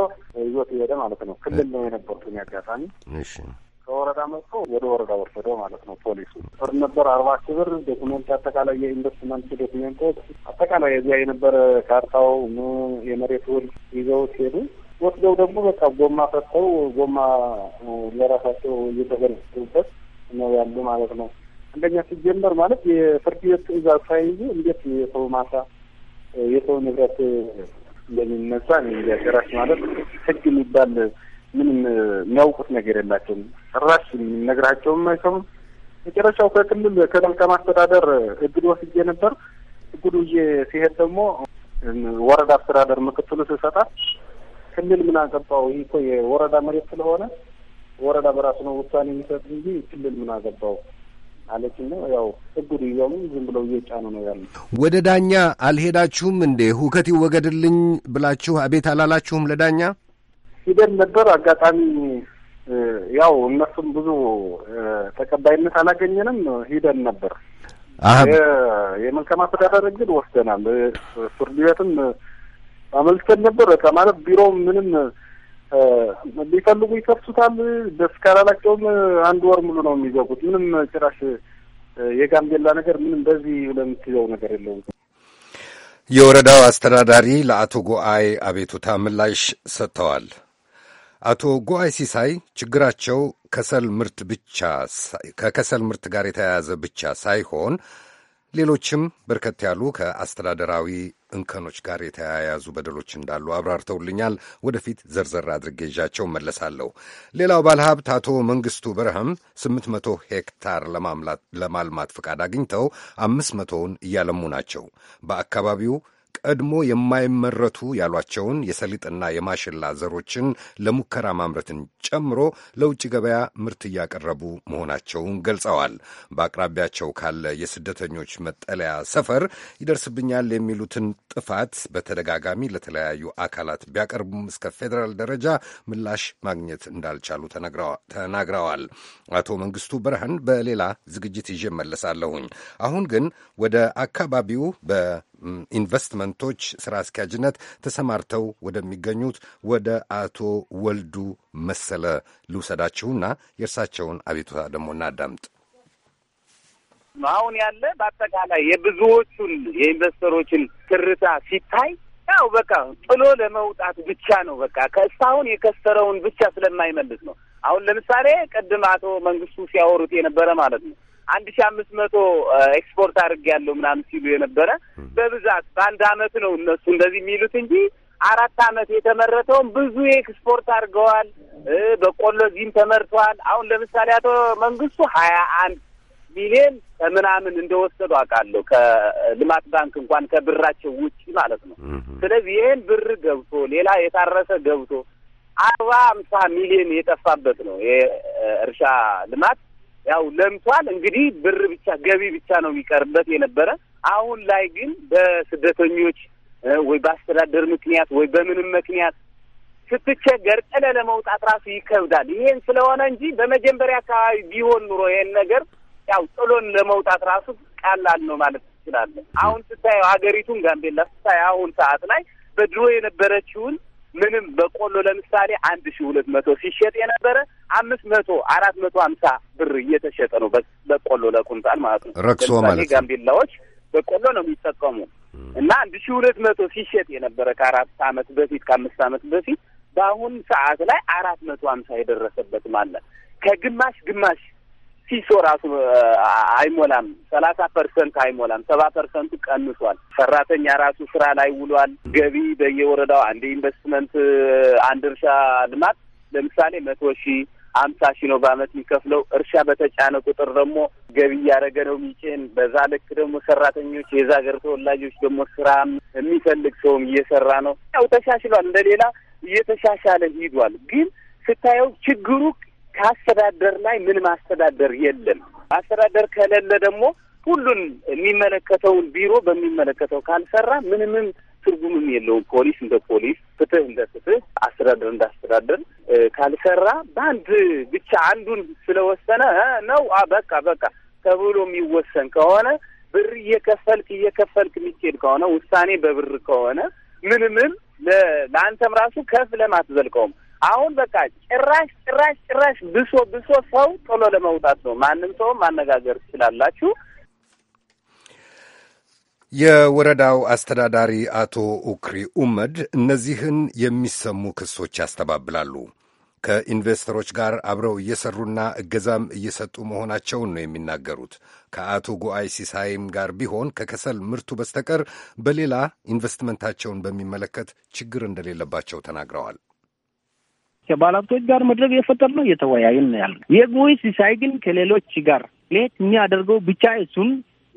Speaker 3: ይዞት ሄደ ማለት ነው። ክልል ነው የነበርኩኝ አጋጣሚ። እሺ ከወረዳ መጥቶ ወደ ወረዳ ወሰደው ማለት ነው። ፖሊሱ ብር ነበር አርባ ሺህ ብር ዶክመንት፣ አጠቃላይ የኢንቨስትመንት ዶክመንቶች፣ አጠቃላይ የዚያ የነበረ ካርታው የመሬት ውል ይዘው ሲሄዱ ወስደው ደግሞ በቃ ጎማ ፈተው ጎማ ለራሳቸው እየተገለበት ነው ያሉ ማለት ነው። አንደኛ ሲጀመር ማለት የፍርድ ቤት ትዕዛዝ ሳይዙ እንዴት የሰው ማሳ የሰው ንብረት እንደሚነሳ ራሽ ማለት ህግ የሚባል ምንም የሚያውቁት ነገር የላቸውም። ጭራሽ የምንነግራቸውም አይሰሙም። መጨረሻው ከክልል ከመልካም አስተዳደር እግድ ወስጄ ነበር። እግዱ ሲሄድ ደግሞ ወረዳ አስተዳደር ምክትሉ ስሰጣ ክልል ምን አገባው? ይህ እኮ የወረዳ መሬት ስለሆነ ወረዳ በራሱ ነው ውሳኔ የሚሰጥ እንጂ ክልል ምን አገባው አለች። ነው ያው እግዱ ይዘውም ዝም ብለው እየጫኑ ነው ያሉ።
Speaker 10: ወደ ዳኛ አልሄዳችሁም እንዴ? ሁከት ይወገድልኝ ብላችሁ አቤት አላላችሁም ለዳኛ?
Speaker 3: ሂደን ነበር። አጋጣሚ ያው እነሱም ብዙ ተቀባይነት አላገኘንም። ሂደን ነበር የመልካም አስተዳደር እግድ ወስደናል። ፍርድ ቤትም አመልክተን ነበር። ከማለት ቢሮ ምንም ሊፈልጉ ይከፍሱታል። ደስ ካላላቸውም አንድ ወር ሙሉ ነው የሚዘጉት። ምንም ጭራሽ የጋምቤላ ነገር ምንም በዚህ ለምትይዘው ነገር የለውም።
Speaker 10: የወረዳው አስተዳዳሪ ለአቶ ጉአይ አቤቱታ ምላሽ ሰጥተዋል። አቶ ጎአይ ሲሳይ ችግራቸው ከሰል ምርት ብቻ ከከሰል ምርት ጋር የተያያዘ ብቻ ሳይሆን ሌሎችም በርከት ያሉ ከአስተዳደራዊ እንከኖች ጋር የተያያዙ በደሎች እንዳሉ አብራርተውልኛል። ወደፊት ዘርዘር አድርጌ ይዣቸው መለሳለሁ። ሌላው ባለሀብት አቶ መንግስቱ በርሃም 800 ሄክታር ለማልማት ፍቃድ አግኝተው አምስት መቶውን እያለሙ ናቸው በአካባቢው ቀድሞ የማይመረቱ ያሏቸውን የሰሊጥና የማሽላ ዘሮችን ለሙከራ ማምረትን ጨምሮ ለውጭ ገበያ ምርት እያቀረቡ መሆናቸውን ገልጸዋል። በአቅራቢያቸው ካለ የስደተኞች መጠለያ ሰፈር ይደርስብኛል የሚሉትን ጥፋት በተደጋጋሚ ለተለያዩ አካላት ቢያቀርቡም እስከ ፌዴራል ደረጃ ምላሽ ማግኘት እንዳልቻሉ ተናግረዋል። አቶ መንግስቱ ብርሃን በሌላ ዝግጅት ይዤ መለሳለሁኝ። አሁን ግን ወደ አካባቢው በ ኢንቨስትመንቶች ስራ አስኪያጅነት ተሰማርተው ወደሚገኙት ወደ አቶ ወልዱ መሰለ ልውሰዳችሁና የእርሳቸውን አቤቱታ ደግሞ እናዳምጥ።
Speaker 11: አሁን ያለ በአጠቃላይ የብዙዎቹን የኢንቨስተሮችን ትርታ ሲታይ ያው በቃ ጥሎ ለመውጣት ብቻ ነው። በቃ ከእስካሁን የከሰረውን ብቻ ስለማይመልስ ነው። አሁን ለምሳሌ ቅድም አቶ መንግስቱ ሲያወሩት የነበረ ማለት ነው አንድ ሺ አምስት መቶ ኤክስፖርት አድርግ ያለው ምናምን ሲሉ የነበረ በብዛት በአንድ አመት ነው እነሱ እንደዚህ የሚሉት እንጂ አራት አመት የተመረተውን ብዙ ኤክስፖርት አድርገዋል። በቆሎ እዚህም ተመርተዋል። አሁን ለምሳሌ አቶ መንግስቱ ሀያ አንድ ሚሊዮን ከምናምን እንደወሰዱ አውቃለሁ። ከልማት ባንክ እንኳን ከብራቸው ውጪ ማለት ነው። ስለዚህ ይህን ብር ገብቶ ሌላ የታረሰ ገብቶ አርባ አምሳ ሚሊዮን የጠፋበት ነው የእርሻ ልማት ያው ለምቷል። እንግዲህ ብር ብቻ ገቢ ብቻ ነው የሚቀርበት የነበረ። አሁን ላይ ግን በስደተኞች ወይ በአስተዳደር ምክንያት ወይ በምንም ምክንያት ስትቸገር ጥለ ለመውጣት ራሱ ይከብዳል። ይሄን ስለሆነ እንጂ በመጀመሪያ አካባቢ ቢሆን ኑሮ ይሄን ነገር ያው ጥሎን ለመውጣት ራሱ ቀላል ነው ማለት ትችላለን። አሁን ስታየው ሀገሪቱን ጋምቤላ ስታይ አሁን ሰዓት ላይ በድሮ የነበረችውን ምንም በቆሎ ለምሳሌ አንድ ሺ ሁለት መቶ ሲሸጥ የነበረ አምስት መቶ አራት መቶ ሀምሳ ብር እየተሸጠ ነው። በቆሎ ለቁንጣል ማለት ነው። ረክሶ ማለት ነው። ጋምቤላዎች በቆሎ ነው የሚጠቀሙ እና አንድ ሺ ሁለት መቶ ሲሸጥ የነበረ ከአራት አመት በፊት ከአምስት አመት በፊት በአሁን ሰዓት ላይ አራት መቶ ሀምሳ የደረሰበትም አለ ከግማሽ ግማሽ ሲሶ ራሱ አይሞላም። ሰላሳ ፐርሰንት አይሞላም። ሰባ ፐርሰንቱ ቀንሷል። ሰራተኛ ራሱ ስራ ላይ ውሏል። ገቢ በየወረዳው አንድ ኢንቨስትመንት አንድ እርሻ ልማት ለምሳሌ መቶ ሺህ አምሳ ሺህ ነው በአመት የሚከፍለው። እርሻ በተጫነ ቁጥር ደግሞ ገቢ እያደረገ ነው ሚጭን። በዛ ልክ ደግሞ ሰራተኞች የዛ ሀገር ተወላጆች ደግሞ ስራም የሚፈልግ ሰውም እየሰራ ነው። ያው ተሻሽሏል፣ እንደሌላ እየተሻሻለ ሂዷል። ግን ስታየው ችግሩ ከአስተዳደር ላይ ምንም አስተዳደር የለም። አስተዳደር ከሌለ ደግሞ ሁሉን የሚመለከተውን ቢሮ በሚመለከተው ካልሰራ ምንምም ትርጉምም የለውም። ፖሊስ እንደ ፖሊስ፣ ፍትህ እንደ ፍትህ፣ አስተዳደር እንደ አስተዳደር ካልሰራ በአንድ ብቻ አንዱን ስለወሰነ ነው በቃ በቃ ተብሎ የሚወሰን ከሆነ ብር እየከፈልክ እየከፈልክ የሚኬድ ከሆነ ውሳኔ በብር ከሆነ ምንምም ለአንተም ራሱ ከፍ ለማትዘልቀውም አሁን በቃ ጭራሽ ጭራሽ ጭራሽ ብሶ ብሶ ሰው ቶሎ ለመውጣት ነው። ማንም ሰው ማነጋገር ትችላላችሁ።
Speaker 10: የወረዳው አስተዳዳሪ አቶ ኡክሪ ኡመድ እነዚህን የሚሰሙ ክሶች ያስተባብላሉ። ከኢንቨስተሮች ጋር አብረው እየሰሩና እገዛም እየሰጡ መሆናቸውን ነው የሚናገሩት። ከአቶ ጉአይ ሲሳይም ጋር ቢሆን ከከሰል ምርቱ በስተቀር በሌላ ኢንቨስትመንታቸውን በሚመለከት ችግር እንደሌለባቸው ተናግረዋል። ከባለሀብቶች ጋር መድረክ እየፈጠር ነው
Speaker 11: እየተወያየን ነው ያለ። የጉይ ሲሳይ ግን ከሌሎች ጋር ሌት የሚያደርገው ብቻ እሱን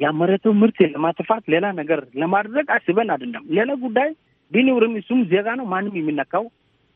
Speaker 11: ያመረተው ምርት ለማጥፋት ሌላ ነገር ለማድረግ አስበን አይደለም። ሌላ ጉዳይ ቢኖርም እሱም ዜጋ ነው፣ ማንም የሚነካው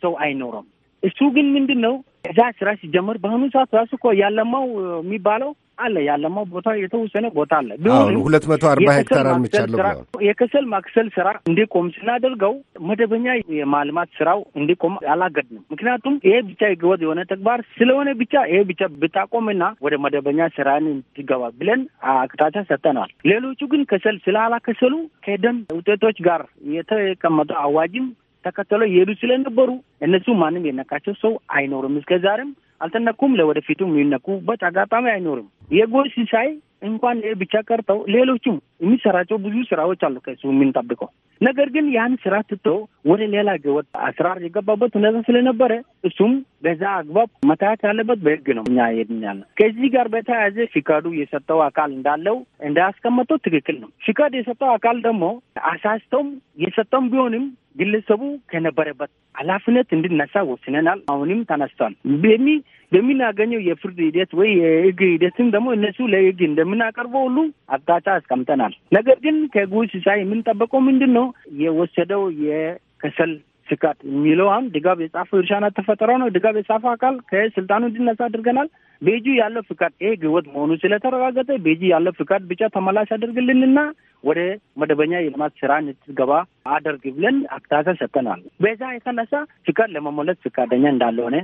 Speaker 11: ሰው አይኖረም። እሱ ግን ምንድን ነው እዛ ስራ ሲጀመር በአሁኑ ሰዓት ራሱ እኮ ያለማው የሚባለው አለ ያለማው ቦታ የተወሰነ ቦታ አለ ቢሆንም ሁለት መቶ አርባ ሄክታር አልምቻለሁ። የከሰል ማክሰል ስራ እንዲቆም ስናደርገው መደበኛ የማልማት ስራው እንዲቆም አላገድንም። ምክንያቱም ይሄ ብቻ ህገወጥ የሆነ ተግባር ስለሆነ ብቻ ይሄ ብቻ ብታቆምና ወደ መደበኛ ስራን ትገባ ብለን አቅጣጫ ሰጠናል። ሌሎቹ ግን ከሰል ስላላከሰሉ ከደን ውጤቶች ጋር የተቀመጠ አዋጅም ተከተለው ይሄዱ ስለነበሩ እነሱ ማንም የነካቸው ሰው አይኖርም። እስከ ዛሬም አልተነኩም። ለወደፊቱ የሚነኩበት አጋጣሚ አይኖርም። የጎል ሲሳይ እንኳን ብቻ ቀርተው ሌሎችም የሚሰራቸው ብዙ ስራዎች አሉ ከሱ የምንጠብቀው ነገር ግን ያን ስራ ትቶ ወደ ሌላ ገወጥ አስራር የገባበት ሁኔታ ስለነበረ እሱም በዛ አግባብ መታየት ያለበት በህግ ነው። እኛ ሄድኛል ከዚህ ጋር በተያያዘ ፍቃዱ የሰጠው አካል እንዳለው እንዳያስቀመጠው ትክክል ነው። ፍቃድ የሰጠው አካል ደግሞ አሳስተውም የሰጠውም ቢሆንም ግለሰቡ ከነበረበት ኃላፊነት እንድነሳ ወስነናል። አሁንም ተነስቷል። በሚ በሚናገኘው የፍርድ ሂደት ወይ የህግ ሂደትም ደግሞ እነሱ ለህግ እንደምናቀርበው ሁሉ አቅጣጫ አስቀምጠናል። ነገር ግን ከጉይ ሲሳይ የምንጠበቀው ምንድን ነው? የወሰደው የከሰል ስካት የሚለው አሁን ድጋፍ የጻፈው እርሻና ተፈጠረው ነው። ድጋፍ የጻፈው አካል ከስልጣኑ እንድነሳ አድርገናል። ቤጂ ያለ ፍቃድ ይሄ ግወት መሆኑ ስለተረጋገጠ ቤጂ ያለ ፍቃድ ብቻ ተመላሽ አድርግልንና ወደ መደበኛ የልማት ስራ እንድትገባ አደርግ ብለን አቅጣጫ ሰጠናል። በዛ የተነሳ ፍቃድ ለመሞለት ፍቃደኛ እንዳልሆነ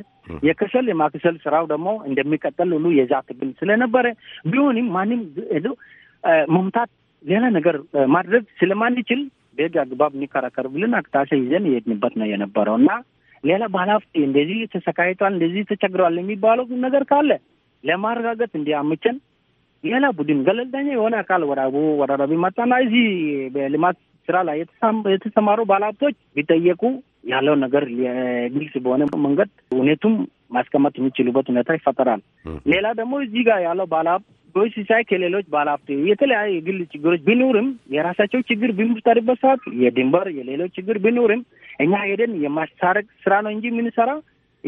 Speaker 11: የክሰል የማክሰል ስራው ደግሞ እንደሚቀጠል ሁሉ የዛ ትግል ስለነበረ ቢሆንም ማንም መምታት ሌላ ነገር ማድረግ ስለማንችል በህግ አግባብ እንከራከር ብለን አቅጣጫ ይዘን የሄድንበት ነው የነበረው እና ሌላ በኃላፊ እንደዚህ ተሰቃይቷል፣ እንደዚህ ተቸግረዋል የሚባለው ነገር ካለ ለማረጋገጥ እንዲያመቸን ሌላ ቡድን ገለልተኛ የሆነ አካል ወደ አቡ ወደ ረቢ መጣና እዚህ በልማት ስራ ላይ የተሰማሩ ባለሀብቶች ቢጠየቁ ያለው ነገር ግልጽ በሆነ መንገድ እውነቱም ማስቀመጥ የሚችሉበት ሁኔታ ይፈጠራል። ሌላ ደግሞ እዚህ ጋር ያለው ባለሀብቶች ሲሳይ ከሌሎች ባለሀብት የተለያዩ የግል ችግሮች ቢኖርም የራሳቸው ችግር በሚፈጠርበት ሰዓት የድንበር የሌሎች ችግር ቢኖርም እኛ ሄደን የማስታረቅ ስራ ነው እንጂ የምንሰራ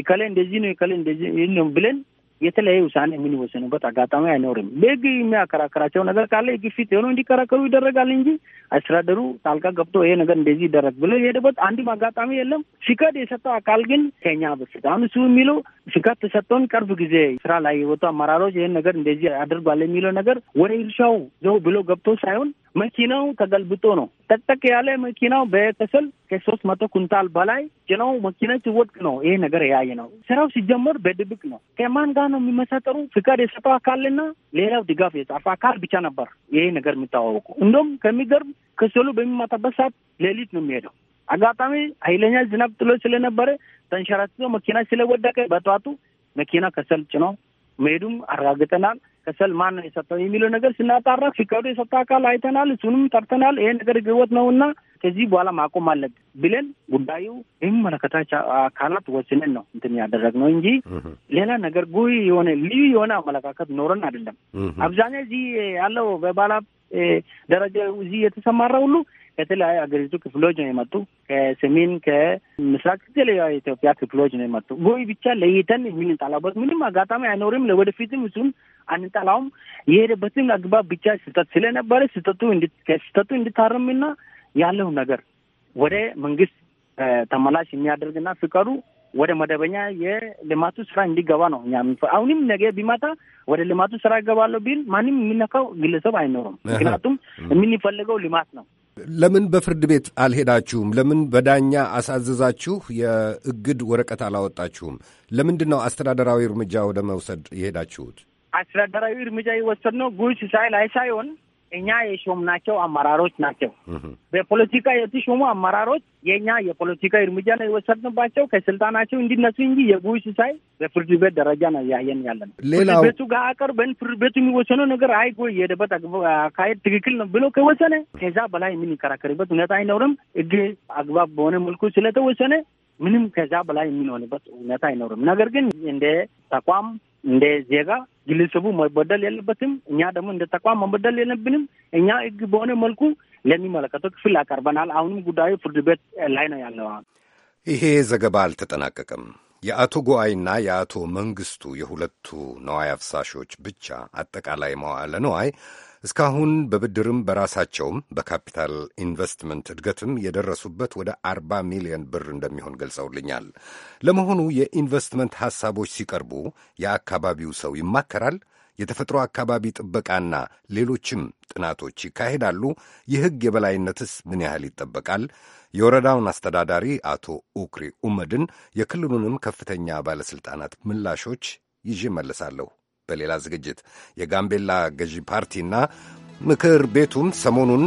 Speaker 11: ይከላይ እንደዚህ ነው ይከላይ እንደዚህ ነው ብለን የተለያየ ውሳኔ የምንወሰንበት አጋጣሚ አይኖርም። በህግ የሚያከራከራቸው ነገር ካለ ህግ ፊት የሆነ እንዲከራከሩ ይደረጋል እንጂ አስተዳደሩ ጣልቃ ገብቶ ይሄ ነገር እንደዚህ ይደረግ ብሎ የሄደበት አንድም አጋጣሚ የለም። ፍቃድ የሰጠው አካል ግን ከኛ በፊት አሁን እሱ የሚለው ፍቃድ ተሰጠውን ቅርብ ጊዜ ስራ ላይ የወጡ አመራሮች ይህን ነገር እንደዚህ አድርጓል የሚለው ነገር ወደ እርሻው ዘው ብሎ ገብቶ ሳይሆን መኪናው ተገልብጦ ነው። ጠጠቅ ያለ መኪናው በከሰል ከሶስት መቶ ኩንታል በላይ ጭነው መኪና ሲወድቅ ነው ይሄ ነገር ያየ ነው። ስራው ሲጀመር በድብቅ ነው። ከማን ጋር ነው የሚመሳጠሩ? ፍቃድ የሰጠው አካልና ሌላው ድጋፍ የጻፈ አካል ብቻ ነበር ይሄ ነገር የሚታዋወቁ። እንደውም ከሚገርም ከሰሉ በሚመታበት ሰዓት ሌሊት ነው የሚሄደው። አጋጣሚ ኃይለኛ ዝናብ ጥሎ ስለነበረ ተንሸራትቶ መኪና ስለወደቀ በጠዋቱ መኪና ከሰል ጭነው መሄዱም አረጋግጠናል። ከሰል ማን ነው የሰጠው የሚለው ነገር ስናጣራ ፍቃዱ የሰጠ አካል አይተናል። እሱንም ጠርተናል። ይሄ ነገር ህገወጥ ነው እና ከዚህ በኋላ ማቆም አለብን ብለን ጉዳዩ የሚመለከታቸው አካላት ወስነን ነው እንትን ነው እንጂ ሌላ ነገር ጉይ የሆነ ልዩ የሆነ አመለካከት ኖረን አይደለም። አብዛኛው እዚህ ያለው በባላ ደረጃ እዚህ የተሰማራ ሁሉ ከተለያዩ አገሪቱ ክፍሎች ነው የመጡ። ከሰሜን ከምስራቅ፣ የተለያዩ ኢትዮጵያ ክፍሎች ነው የመጡ። ጎይ ብቻ ለይተን የምንጠላበት ምንም አጋጣሚ አይኖርም። ለወደፊትም እሱን አንጠላውም። የሄደበትም አግባብ ብቻ ስህተት ስለነበረ ስህተቱ እንዲታረምና ያለውን ነገር ወደ መንግስት ተመላሽ የሚያደርግና ፍቀሩ ወደ መደበኛ የልማቱ ስራ እንዲገባ ነው። አሁንም ነገ ቢመጣ ወደ ልማቱ ስራ ይገባለሁ ቢል ማንም የሚነካው ግለሰብ አይኖርም። ምክንያቱም የምንፈልገው ልማት ነው።
Speaker 10: ለምን በፍርድ ቤት አልሄዳችሁም? ለምን በዳኛ አሳዘዛችሁ የእግድ ወረቀት አላወጣችሁም? ለምንድን ነው አስተዳደራዊ እርምጃ ወደ መውሰድ የሄዳችሁት?
Speaker 11: አስተዳደራዊ እርምጃ የወሰድነው ጉድ ሳይ ላይ ሳይሆን እኛ የሾምናቸው አመራሮች ናቸው። በፖለቲካ የተሾሙ አመራሮች የእኛ የፖለቲካ እርምጃ ነው የወሰድንባቸው ከስልጣናቸው እንዲነሱ እንጂ የጉሽ ሳይ በፍርድ ቤት ደረጃ ነው እያየን ያለ ነው። ቤቱ ጋር አቅርበን ፍርድ ቤቱ የሚወሰነው ነገር አይ ጎ የደበት አካሄድ ትክክል ነው ብሎ ከወሰነ ከዛ በላይ የምንከራከርበት ሁኔታ አይኖርም። ህግ አግባብ በሆነ መልኩ ስለተወሰነ ምንም ከዛ በላይ የሚሆንበት እውነት አይኖርም። ነገር ግን እንደ ተቋም እንደ ዜጋ ግለሰቡ መበደል የለበትም። እኛ ደግሞ እንደ ተቋም መበደል የለብንም። እኛ ህግ በሆነ መልኩ ለሚመለከተው ክፍል ያቀርበናል። አሁንም ጉዳዩ ፍርድ ቤት ላይ ነው ያለው።
Speaker 10: ይሄ ዘገባ አልተጠናቀቀም። የአቶ ጎአይና የአቶ መንግስቱ የሁለቱ ነዋይ አፍሳሾች ብቻ አጠቃላይ መዋዕለ ነዋይ እስካሁን በብድርም በራሳቸውም በካፒታል ኢንቨስትመንት እድገትም የደረሱበት ወደ 40 ሚሊዮን ብር እንደሚሆን ገልጸውልኛል። ለመሆኑ የኢንቨስትመንት ሐሳቦች ሲቀርቡ የአካባቢው ሰው ይማከራል? የተፈጥሮ አካባቢ ጥበቃና ሌሎችም ጥናቶች ይካሄዳሉ? የሕግ የበላይነትስ ምን ያህል ይጠበቃል? የወረዳውን አስተዳዳሪ አቶ ኡክሪ ኡመድን የክልሉንም ከፍተኛ ባለሥልጣናት ምላሾች ይዤ መለሳለሁ። በሌላ ዝግጅት የጋምቤላ ገዢ ፓርቲና ምክር ቤቱም ሰሞኑን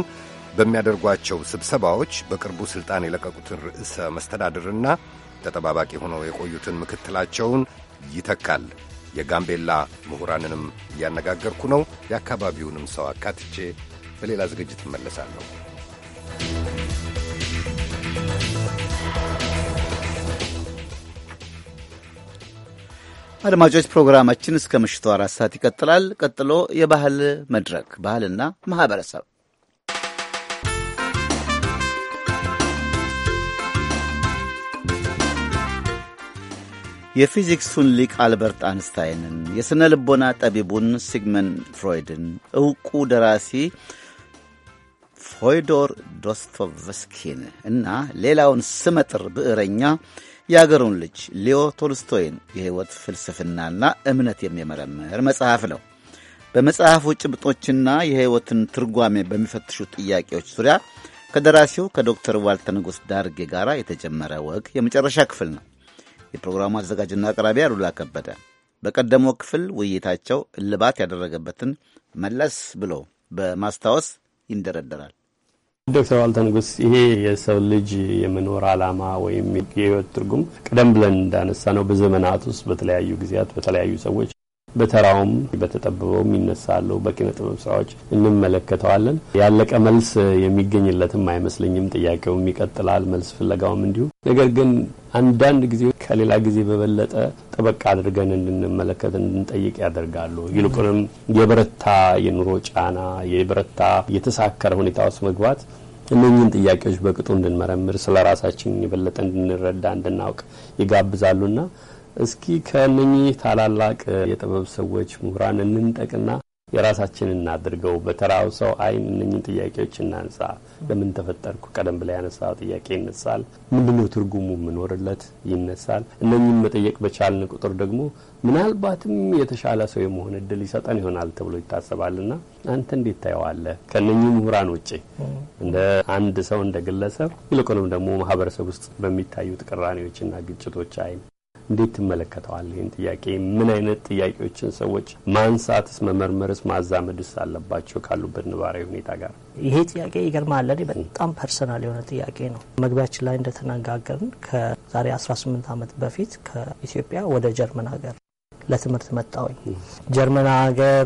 Speaker 10: በሚያደርጓቸው ስብሰባዎች በቅርቡ ሥልጣን የለቀቁትን ርዕሰ መስተዳድርና ተጠባባቂ ሆነው የቆዩትን ምክትላቸውን ይተካል። የጋምቤላ ምሁራንንም እያነጋገርኩ ነው። የአካባቢውንም ሰው አካትቼ በሌላ ዝግጅት እመለሳለሁ።
Speaker 1: አድማጮች ፕሮግራማችን እስከ ምሽቱ አራት ሰዓት ይቀጥላል። ቀጥሎ የባህል መድረክ ባህልና ማህበረሰብ የፊዚክሱን ሊቅ አልበርት አንስታይንን የሥነ ልቦና ጠቢቡን ሲግመን ፍሮይድን እውቁ ደራሲ ፎይዶር ዶስቶቭስኪን እና ሌላውን ስመጥር ብዕረኛ የአገሩን ልጅ ሊዮ ቶልስቶይን የሕይወት ፍልስፍናና እምነት የሚመረምር መጽሐፍ ነው። በመጽሐፉ ጭብጦችና የሕይወትን ትርጓሜ በሚፈትሹ ጥያቄዎች ዙሪያ ከደራሲው ከዶክተር ዋልተ ንጉሥ ዳርጌ ጋር የተጀመረ ወግ የመጨረሻ ክፍል ነው። የፕሮግራሙ አዘጋጅና አቅራቢ አሉላ ከበደ በቀደመው ክፍል ውይይታቸው እልባት ያደረገበትን መለስ ብሎ በማስታወስ ይንደረደራል።
Speaker 2: ዶክተር ዋልተ ንጉስ ይሄ የሰው ልጅ የመኖር አላማ ወይም የህይወት ትርጉም ቀደም ብለን እንዳነሳ ነው በዘመናት ውስጥ በተለያዩ ጊዜያት በተለያዩ ሰዎች በተራውም በተጠበበውም ይነሳሉ። በኪነ ጥበብ ስራዎች እንመለከተዋለን። ያለቀ መልስ የሚገኝለትም አይመስለኝም። ጥያቄውም ይቀጥላል፣ መልስ ፍለጋውም እንዲሁ። ነገር ግን አንዳንድ ጊዜ ከሌላ ጊዜ በበለጠ ጥበቃ አድርገን እንድንመለከት እንድንጠይቅ ያደርጋሉ። ይልቁንም የበረታ የኑሮ ጫና፣ የበረታ የተሳከረ ሁኔታ ውስጥ መግባት እነኝን ጥያቄዎች በቅጡ እንድንመረምር ስለ ራሳችን የበለጠ እንድንረዳ እንድናውቅ ይጋብዛሉና እስኪ ከእነኚህ ታላላቅ የጥበብ ሰዎች ምሁራን እንንጠቅና የራሳችን እናድርገው። በተራው ሰው አይን እነኝን ጥያቄዎች እናንሳ። ለምን ተፈጠርኩ? ቀደም ብላ ያነሳው ጥያቄ ይነሳል። ምንድነው ትርጉሙ? ምኖርለት ይነሳል። እነኝም መጠየቅ በቻልን ቁጥር ደግሞ ምናልባትም የተሻለ ሰው የመሆን እድል ይሰጠን ይሆናል ተብሎ ይታሰባልና አንተ እንዴት ታየዋለህ? ከእነኚህ ምሁራን ውጭ እንደ አንድ ሰው እንደ ግለሰብ፣ ይልቁንም ደግሞ ማህበረሰብ ውስጥ በሚታዩ ጥቅራኔዎችና ግጭቶች አይን እንዴት ትመለከተዋል ይህን ጥያቄ? ምን አይነት ጥያቄዎችን ሰዎች ማንሳትስ፣ መመርመርስ፣ ማዛመድስ አለባቸው ካሉበት ነባራዊ ሁኔታ ጋር?
Speaker 12: ይሄ ጥያቄ ይገርማል። በጣም ፐርሰናል የሆነ ጥያቄ ነው። መግቢያችን ላይ እንደተነጋገርን ከዛሬ 18 ዓመት በፊት ከኢትዮጵያ ወደ ጀርመን ሀገር ለትምህርት መጣሁኝ። ጀርመን ሀገር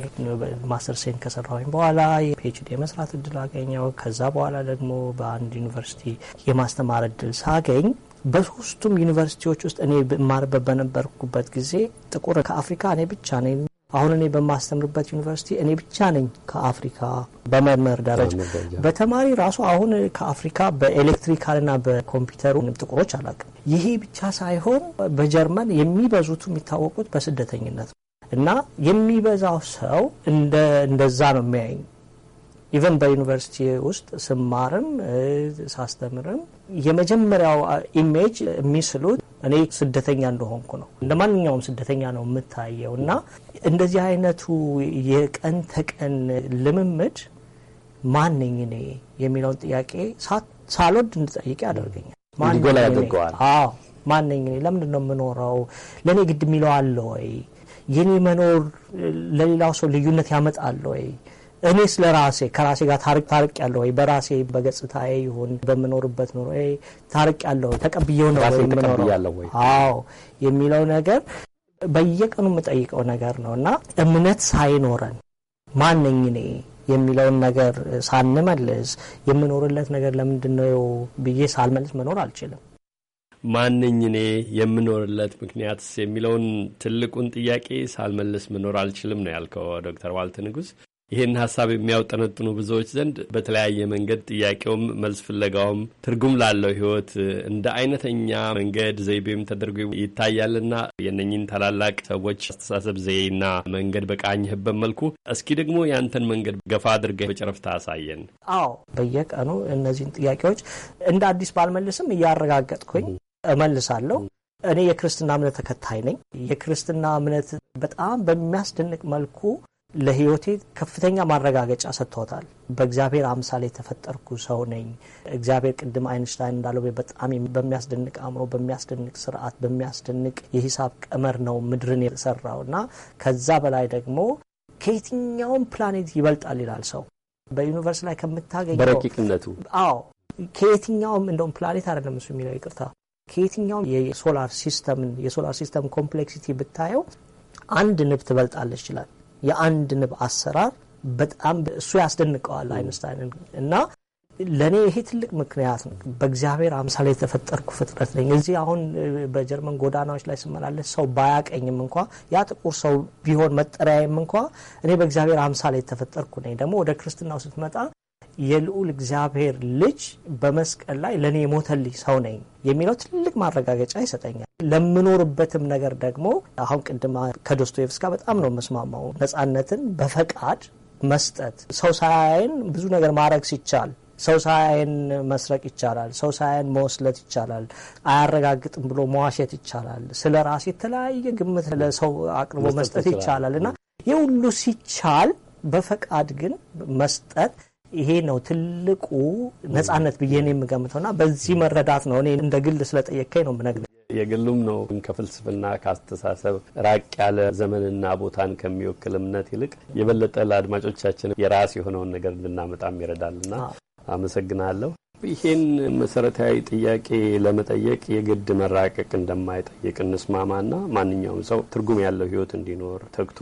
Speaker 12: ማስተር ሴን ከሰራሁኝ በኋላ የፒኤችዲ የመስራት እድል አገኘው። ከዛ በኋላ ደግሞ በአንድ ዩኒቨርሲቲ የማስተማር እድል ሳገኝ በሶስቱም ዩኒቨርሲቲዎች ውስጥ እኔ ማርበብ በነበርኩበት ጊዜ ጥቁር ከአፍሪካ እኔ ብቻ ነኝ። አሁን እኔ በማስተምርበት ዩኒቨርሲቲ እኔ ብቻ ነኝ ከአፍሪካ በመርመር ደረጃ በተማሪ ራሱ አሁን ከአፍሪካ በኤሌክትሪካልና በኮምፒውተሩ ጥቁሮች አላውቅም። ይሄ ብቻ ሳይሆን በጀርመን የሚበዙት የሚታወቁት በስደተኝነት ነው እና የሚበዛው ሰው እንደዛ ነው የሚያየኝ ኢቨን በዩኒቨርሲቲ ውስጥ ስማርም ሳስተምርም የመጀመሪያው ኢሜጅ የሚስሉት እኔ ስደተኛ እንደሆንኩ ነው። እንደ ማንኛውም ስደተኛ ነው የምታየው እና እንደዚህ አይነቱ የቀን ተቀን ልምምድ ማንኝ እኔ የሚለውን ጥያቄ ሳልወድ እንድጠይቅ ያደርገኛል። ጎላ ያደርገዋል። እኔ ለምንድን ነው የምኖረው? ለእኔ ግድ የሚለው አለ ወይ? የኔ መኖር ለሌላው ሰው ልዩነት ያመጣል ወይ? እኔ ስለ ራሴ ከራሴ ጋር ታርቅ ያለሁ ወይ በራሴ በገጽታዬ ይሁን በምኖርበት ኑሮ ታርቅ ያለሁ ተቀብዬው ነው አዎ የሚለው ነገር በየቀኑ የምጠይቀው ነገር ነው እና እምነት ሳይኖረን ማነኝ እኔ የሚለውን ነገር ሳንመልስ የምኖርለት ነገር ለምንድን ነው ብዬ ሳልመልስ መኖር አልችልም።
Speaker 2: ማንኝ እኔ የምኖርለት ምክንያትስ የሚለውን ትልቁን ጥያቄ ሳልመልስ መኖር አልችልም ነው ያልከው ዶክተር ዋልት ንጉስ። ይህን ሀሳብ የሚያውጠነጥኑ ብዙዎች ዘንድ በተለያየ መንገድ ጥያቄውም መልስ ፍለጋውም ትርጉም ላለው ህይወት እንደ አይነተኛ መንገድ ዘይቤም ተደርጎ ይታያልና የነኝን ታላላቅ ሰዎች አስተሳሰብ ዘዬና መንገድ በቃኝህበት መልኩ እስኪ ደግሞ ያንተን መንገድ ገፋ አድርገህ በጨረፍታ አሳየን።
Speaker 12: አዎ በየቀኑ እነዚህን ጥያቄዎች እንደ አዲስ ባልመልስም እያረጋገጥኩኝ እመልሳለሁ። እኔ የክርስትና እምነት ተከታይ ነኝ። የክርስትና እምነት በጣም በሚያስደንቅ መልኩ ለህይወቴ ከፍተኛ ማረጋገጫ ሰጥቶታል። በእግዚአብሔር አምሳል የተፈጠርኩ ሰው ነኝ። እግዚአብሔር ቅድም አይንስታይን እንዳለው በጣም በሚያስደንቅ አእምሮ፣ በሚያስደንቅ ስርዓት፣ በሚያስደንቅ የሂሳብ ቀመር ነው ምድርን የሰራው እና ከዛ በላይ ደግሞ ከየትኛውም ፕላኔት ይበልጣል ይላል ሰው በዩኒቨርስ ላይ ከምታገኘው
Speaker 2: በረቂቅነቱ።
Speaker 12: አዎ ከየትኛውም እንደውም ፕላኔት አይደለም እሱ የሚለው ይቅርታ፣ ከየትኛውም የሶላር ሲስተምን የሶላር ሲስተም ኮምፕሌክሲቲ ብታየው አንድ ንብ ትበልጣለች ይችላል። የአንድ ንብ አሰራር በጣም እሱ ያስደንቀዋል አይንስታይንን እና ለእኔ ይሄ ትልቅ ምክንያት ነው። በእግዚአብሔር አምሳል የተፈጠርኩ ፍጥረት ነኝ። እዚህ አሁን በጀርመን ጎዳናዎች ላይ ስመላለስ ሰው ባያቀኝም እንኳ ያ ጥቁር ሰው ቢሆን መጠሪያዬም እንኳ እኔ በእግዚአብሔር አምሳል የተፈጠርኩ ነኝ። ደግሞ ወደ ክርስትናው ስትመጣ የልዑል እግዚአብሔር ልጅ በመስቀል ላይ ለእኔ የሞተልኝ ሰው ነኝ የሚለው ትልቅ ማረጋገጫ ይሰጠኛል። ለምኖርበትም ነገር ደግሞ አሁን ቅድም ከዶስቶየቭስኪ ጋር በጣም ነው የምስማማው። ነጻነትን በፈቃድ መስጠት ሰው ሳያይን ብዙ ነገር ማድረግ ሲቻል ሰው ሳያይን መስረቅ ይቻላል። ሰው ሳያይን መወስለት ይቻላል። አያረጋግጥም ብሎ መዋሸት ይቻላል። ስለ ራስ የተለያየ ግምት ለሰው አቅርቦ መስጠት ይቻላል እና ይህ ሁሉ ሲቻል በፈቃድ ግን መስጠት ይሄ ነው ትልቁ ነጻነት ብዬ ነው የምገምተውና በዚህ መረዳት ነው እኔ እንደ ግል ስለጠየከኝ ነው ምነግ
Speaker 2: የግሉም ነው ከፍልስፍና ከአስተሳሰብ ራቅ ያለ ዘመንና ቦታን ከሚወክል እምነት ይልቅ የበለጠ ለአድማጮቻችን የራስ የሆነውን ነገር እንድናመጣም ይረዳልና አመሰግናለሁ። ይሄን መሰረታዊ ጥያቄ ለመጠየቅ የግድ መራቀቅ እንደማይጠይቅ እንስማማና ማንኛውም ሰው ትርጉም ያለው ሕይወት እንዲኖር ተግቶ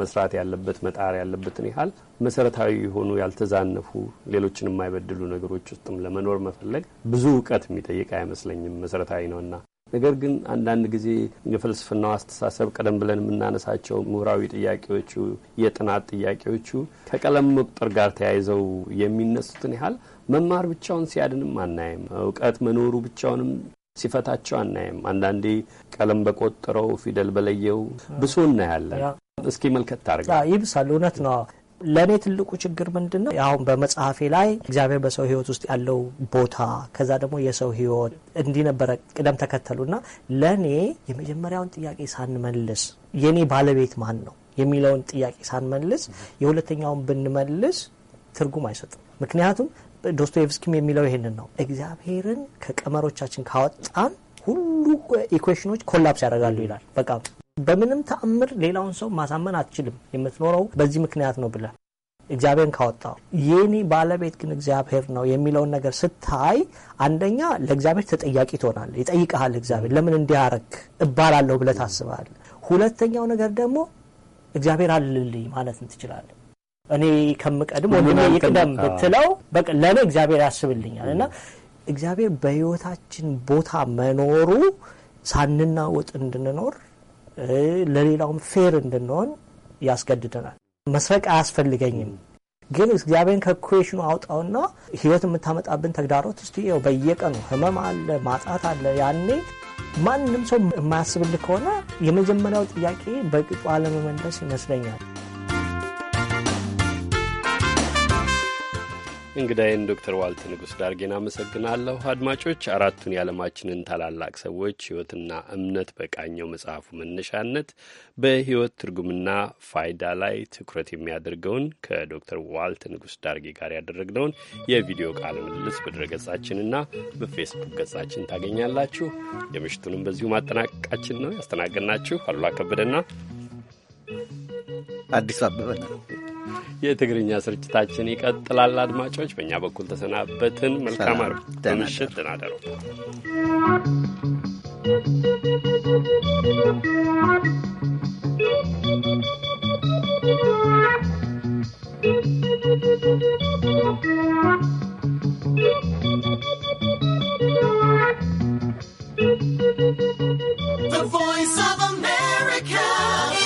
Speaker 2: መስራት ያለበት መጣር ያለበትን ያህል መሰረታዊ የሆኑ ያልተዛነፉ ሌሎችን የማይበድሉ ነገሮች ውስጥም ለመኖር መፈለግ ብዙ እውቀት የሚጠይቅ አይመስለኝም። መሰረታዊ ነውና። ነገር ግን አንዳንድ ጊዜ የፍልስፍናው አስተሳሰብ ቀደም ብለን የምናነሳቸው ምሁራዊ ጥያቄዎቹ፣ የጥናት ጥያቄዎቹ ከቀለም መቁጠር ጋር ተያይዘው የሚነሱትን ያህል መማር ብቻውን ሲያድንም አናይም። እውቀት መኖሩ ብቻውንም ሲፈታቸው አናይም። አንዳንዴ ቀለም በቆጠረው ፊደል በለየው ብሶ እናያለን። እስኪ መልከት ታርጋ
Speaker 12: ይብሳል። እውነት ነው። ለእኔ ትልቁ ችግር ምንድን ነው? አሁን በመጽሐፌ ላይ እግዚአብሔር በሰው ሕይወት ውስጥ ያለው ቦታ ከዛ ደግሞ የሰው ሕይወት እንዲህ ነበረ ቅደም ተከተሉና ለእኔ የመጀመሪያውን ጥያቄ ሳንመልስ የእኔ ባለቤት ማን ነው የሚለውን ጥያቄ ሳንመልስ የሁለተኛውን ብንመልስ ትርጉም አይሰጥም። ምክንያቱም ዶስቶኤቭስኪም የሚለው ይሄንን ነው። እግዚአብሔርን ከቀመሮቻችን ካወጣን ሁሉ ኢኩዌሽኖች ኮላፕስ ያደርጋሉ ይላል። በቃ በምንም ተአምር ሌላውን ሰው ማሳመን አትችልም። የምትኖረው በዚህ ምክንያት ነው ብለ እግዚአብሔርን ካወጣው የኔ ባለቤት ግን እግዚአብሔር ነው የሚለውን ነገር ስታይ አንደኛ ለእግዚአብሔር ተጠያቂ ትሆናል። ይጠይቀሃል። እግዚአብሔር ለምን እንዲያረግ እባላለሁ ብለህ ታስባለህ። ሁለተኛው ነገር ደግሞ እግዚአብሔር አልልልኝ ማለትን ትችላለህ። እኔ ከምቀድም ወንድሜ ይቅደም ብትለው ለእኔ እግዚአብሔር ያስብልኛል እና እግዚአብሔር በህይወታችን ቦታ መኖሩ ሳንናወጥ እንድንኖር ለሌላውም ፌር እንድንሆን ያስገድደናል። መስረቅ አያስፈልገኝም። ግን እግዚአብሔርን ከኩዌሽኑ አውጣውና ህይወት የምታመጣብን ተግዳሮት እስቲ ይኸው በየቀኑ ህመም አለ፣ ማጣት አለ። ያኔ ማንም ሰው የማያስብልህ ከሆነ የመጀመሪያው ጥያቄ በቅጡ አለመመለስ ይመስለኛል።
Speaker 2: እንግዳይን ዶክተር ዋልት ንጉስ ዳርጌን አመሰግናለሁ። አድማጮች አራቱን የዓለማችንን ታላላቅ ሰዎች ሕይወትና እምነት በቃኘው መጽሐፉ መነሻነት በሕይወት ትርጉምና ፋይዳ ላይ ትኩረት የሚያደርገውን ከዶክተር ዋልት ንጉስ ዳርጌ ጋር ያደረግነውን የቪዲዮ ቃለ ምልልስ ገጻችንና በፌስቡክ ገጻችን ታገኛላችሁ። የምሽቱንም በዚሁ ማጠናቀቃችን ነው። ያስተናገድናችሁ አሉላ ከበደና
Speaker 1: አዲሱ አበበ ነው።
Speaker 2: የትግርኛ ስርጭታችን ይቀጥላል። አድማጮች፣ በእኛ በኩል ተሰናበትን። መልካም አርብ ምሽት፣ ደህና
Speaker 9: The voice
Speaker 7: of
Speaker 11: America.
Speaker 9: Yeah.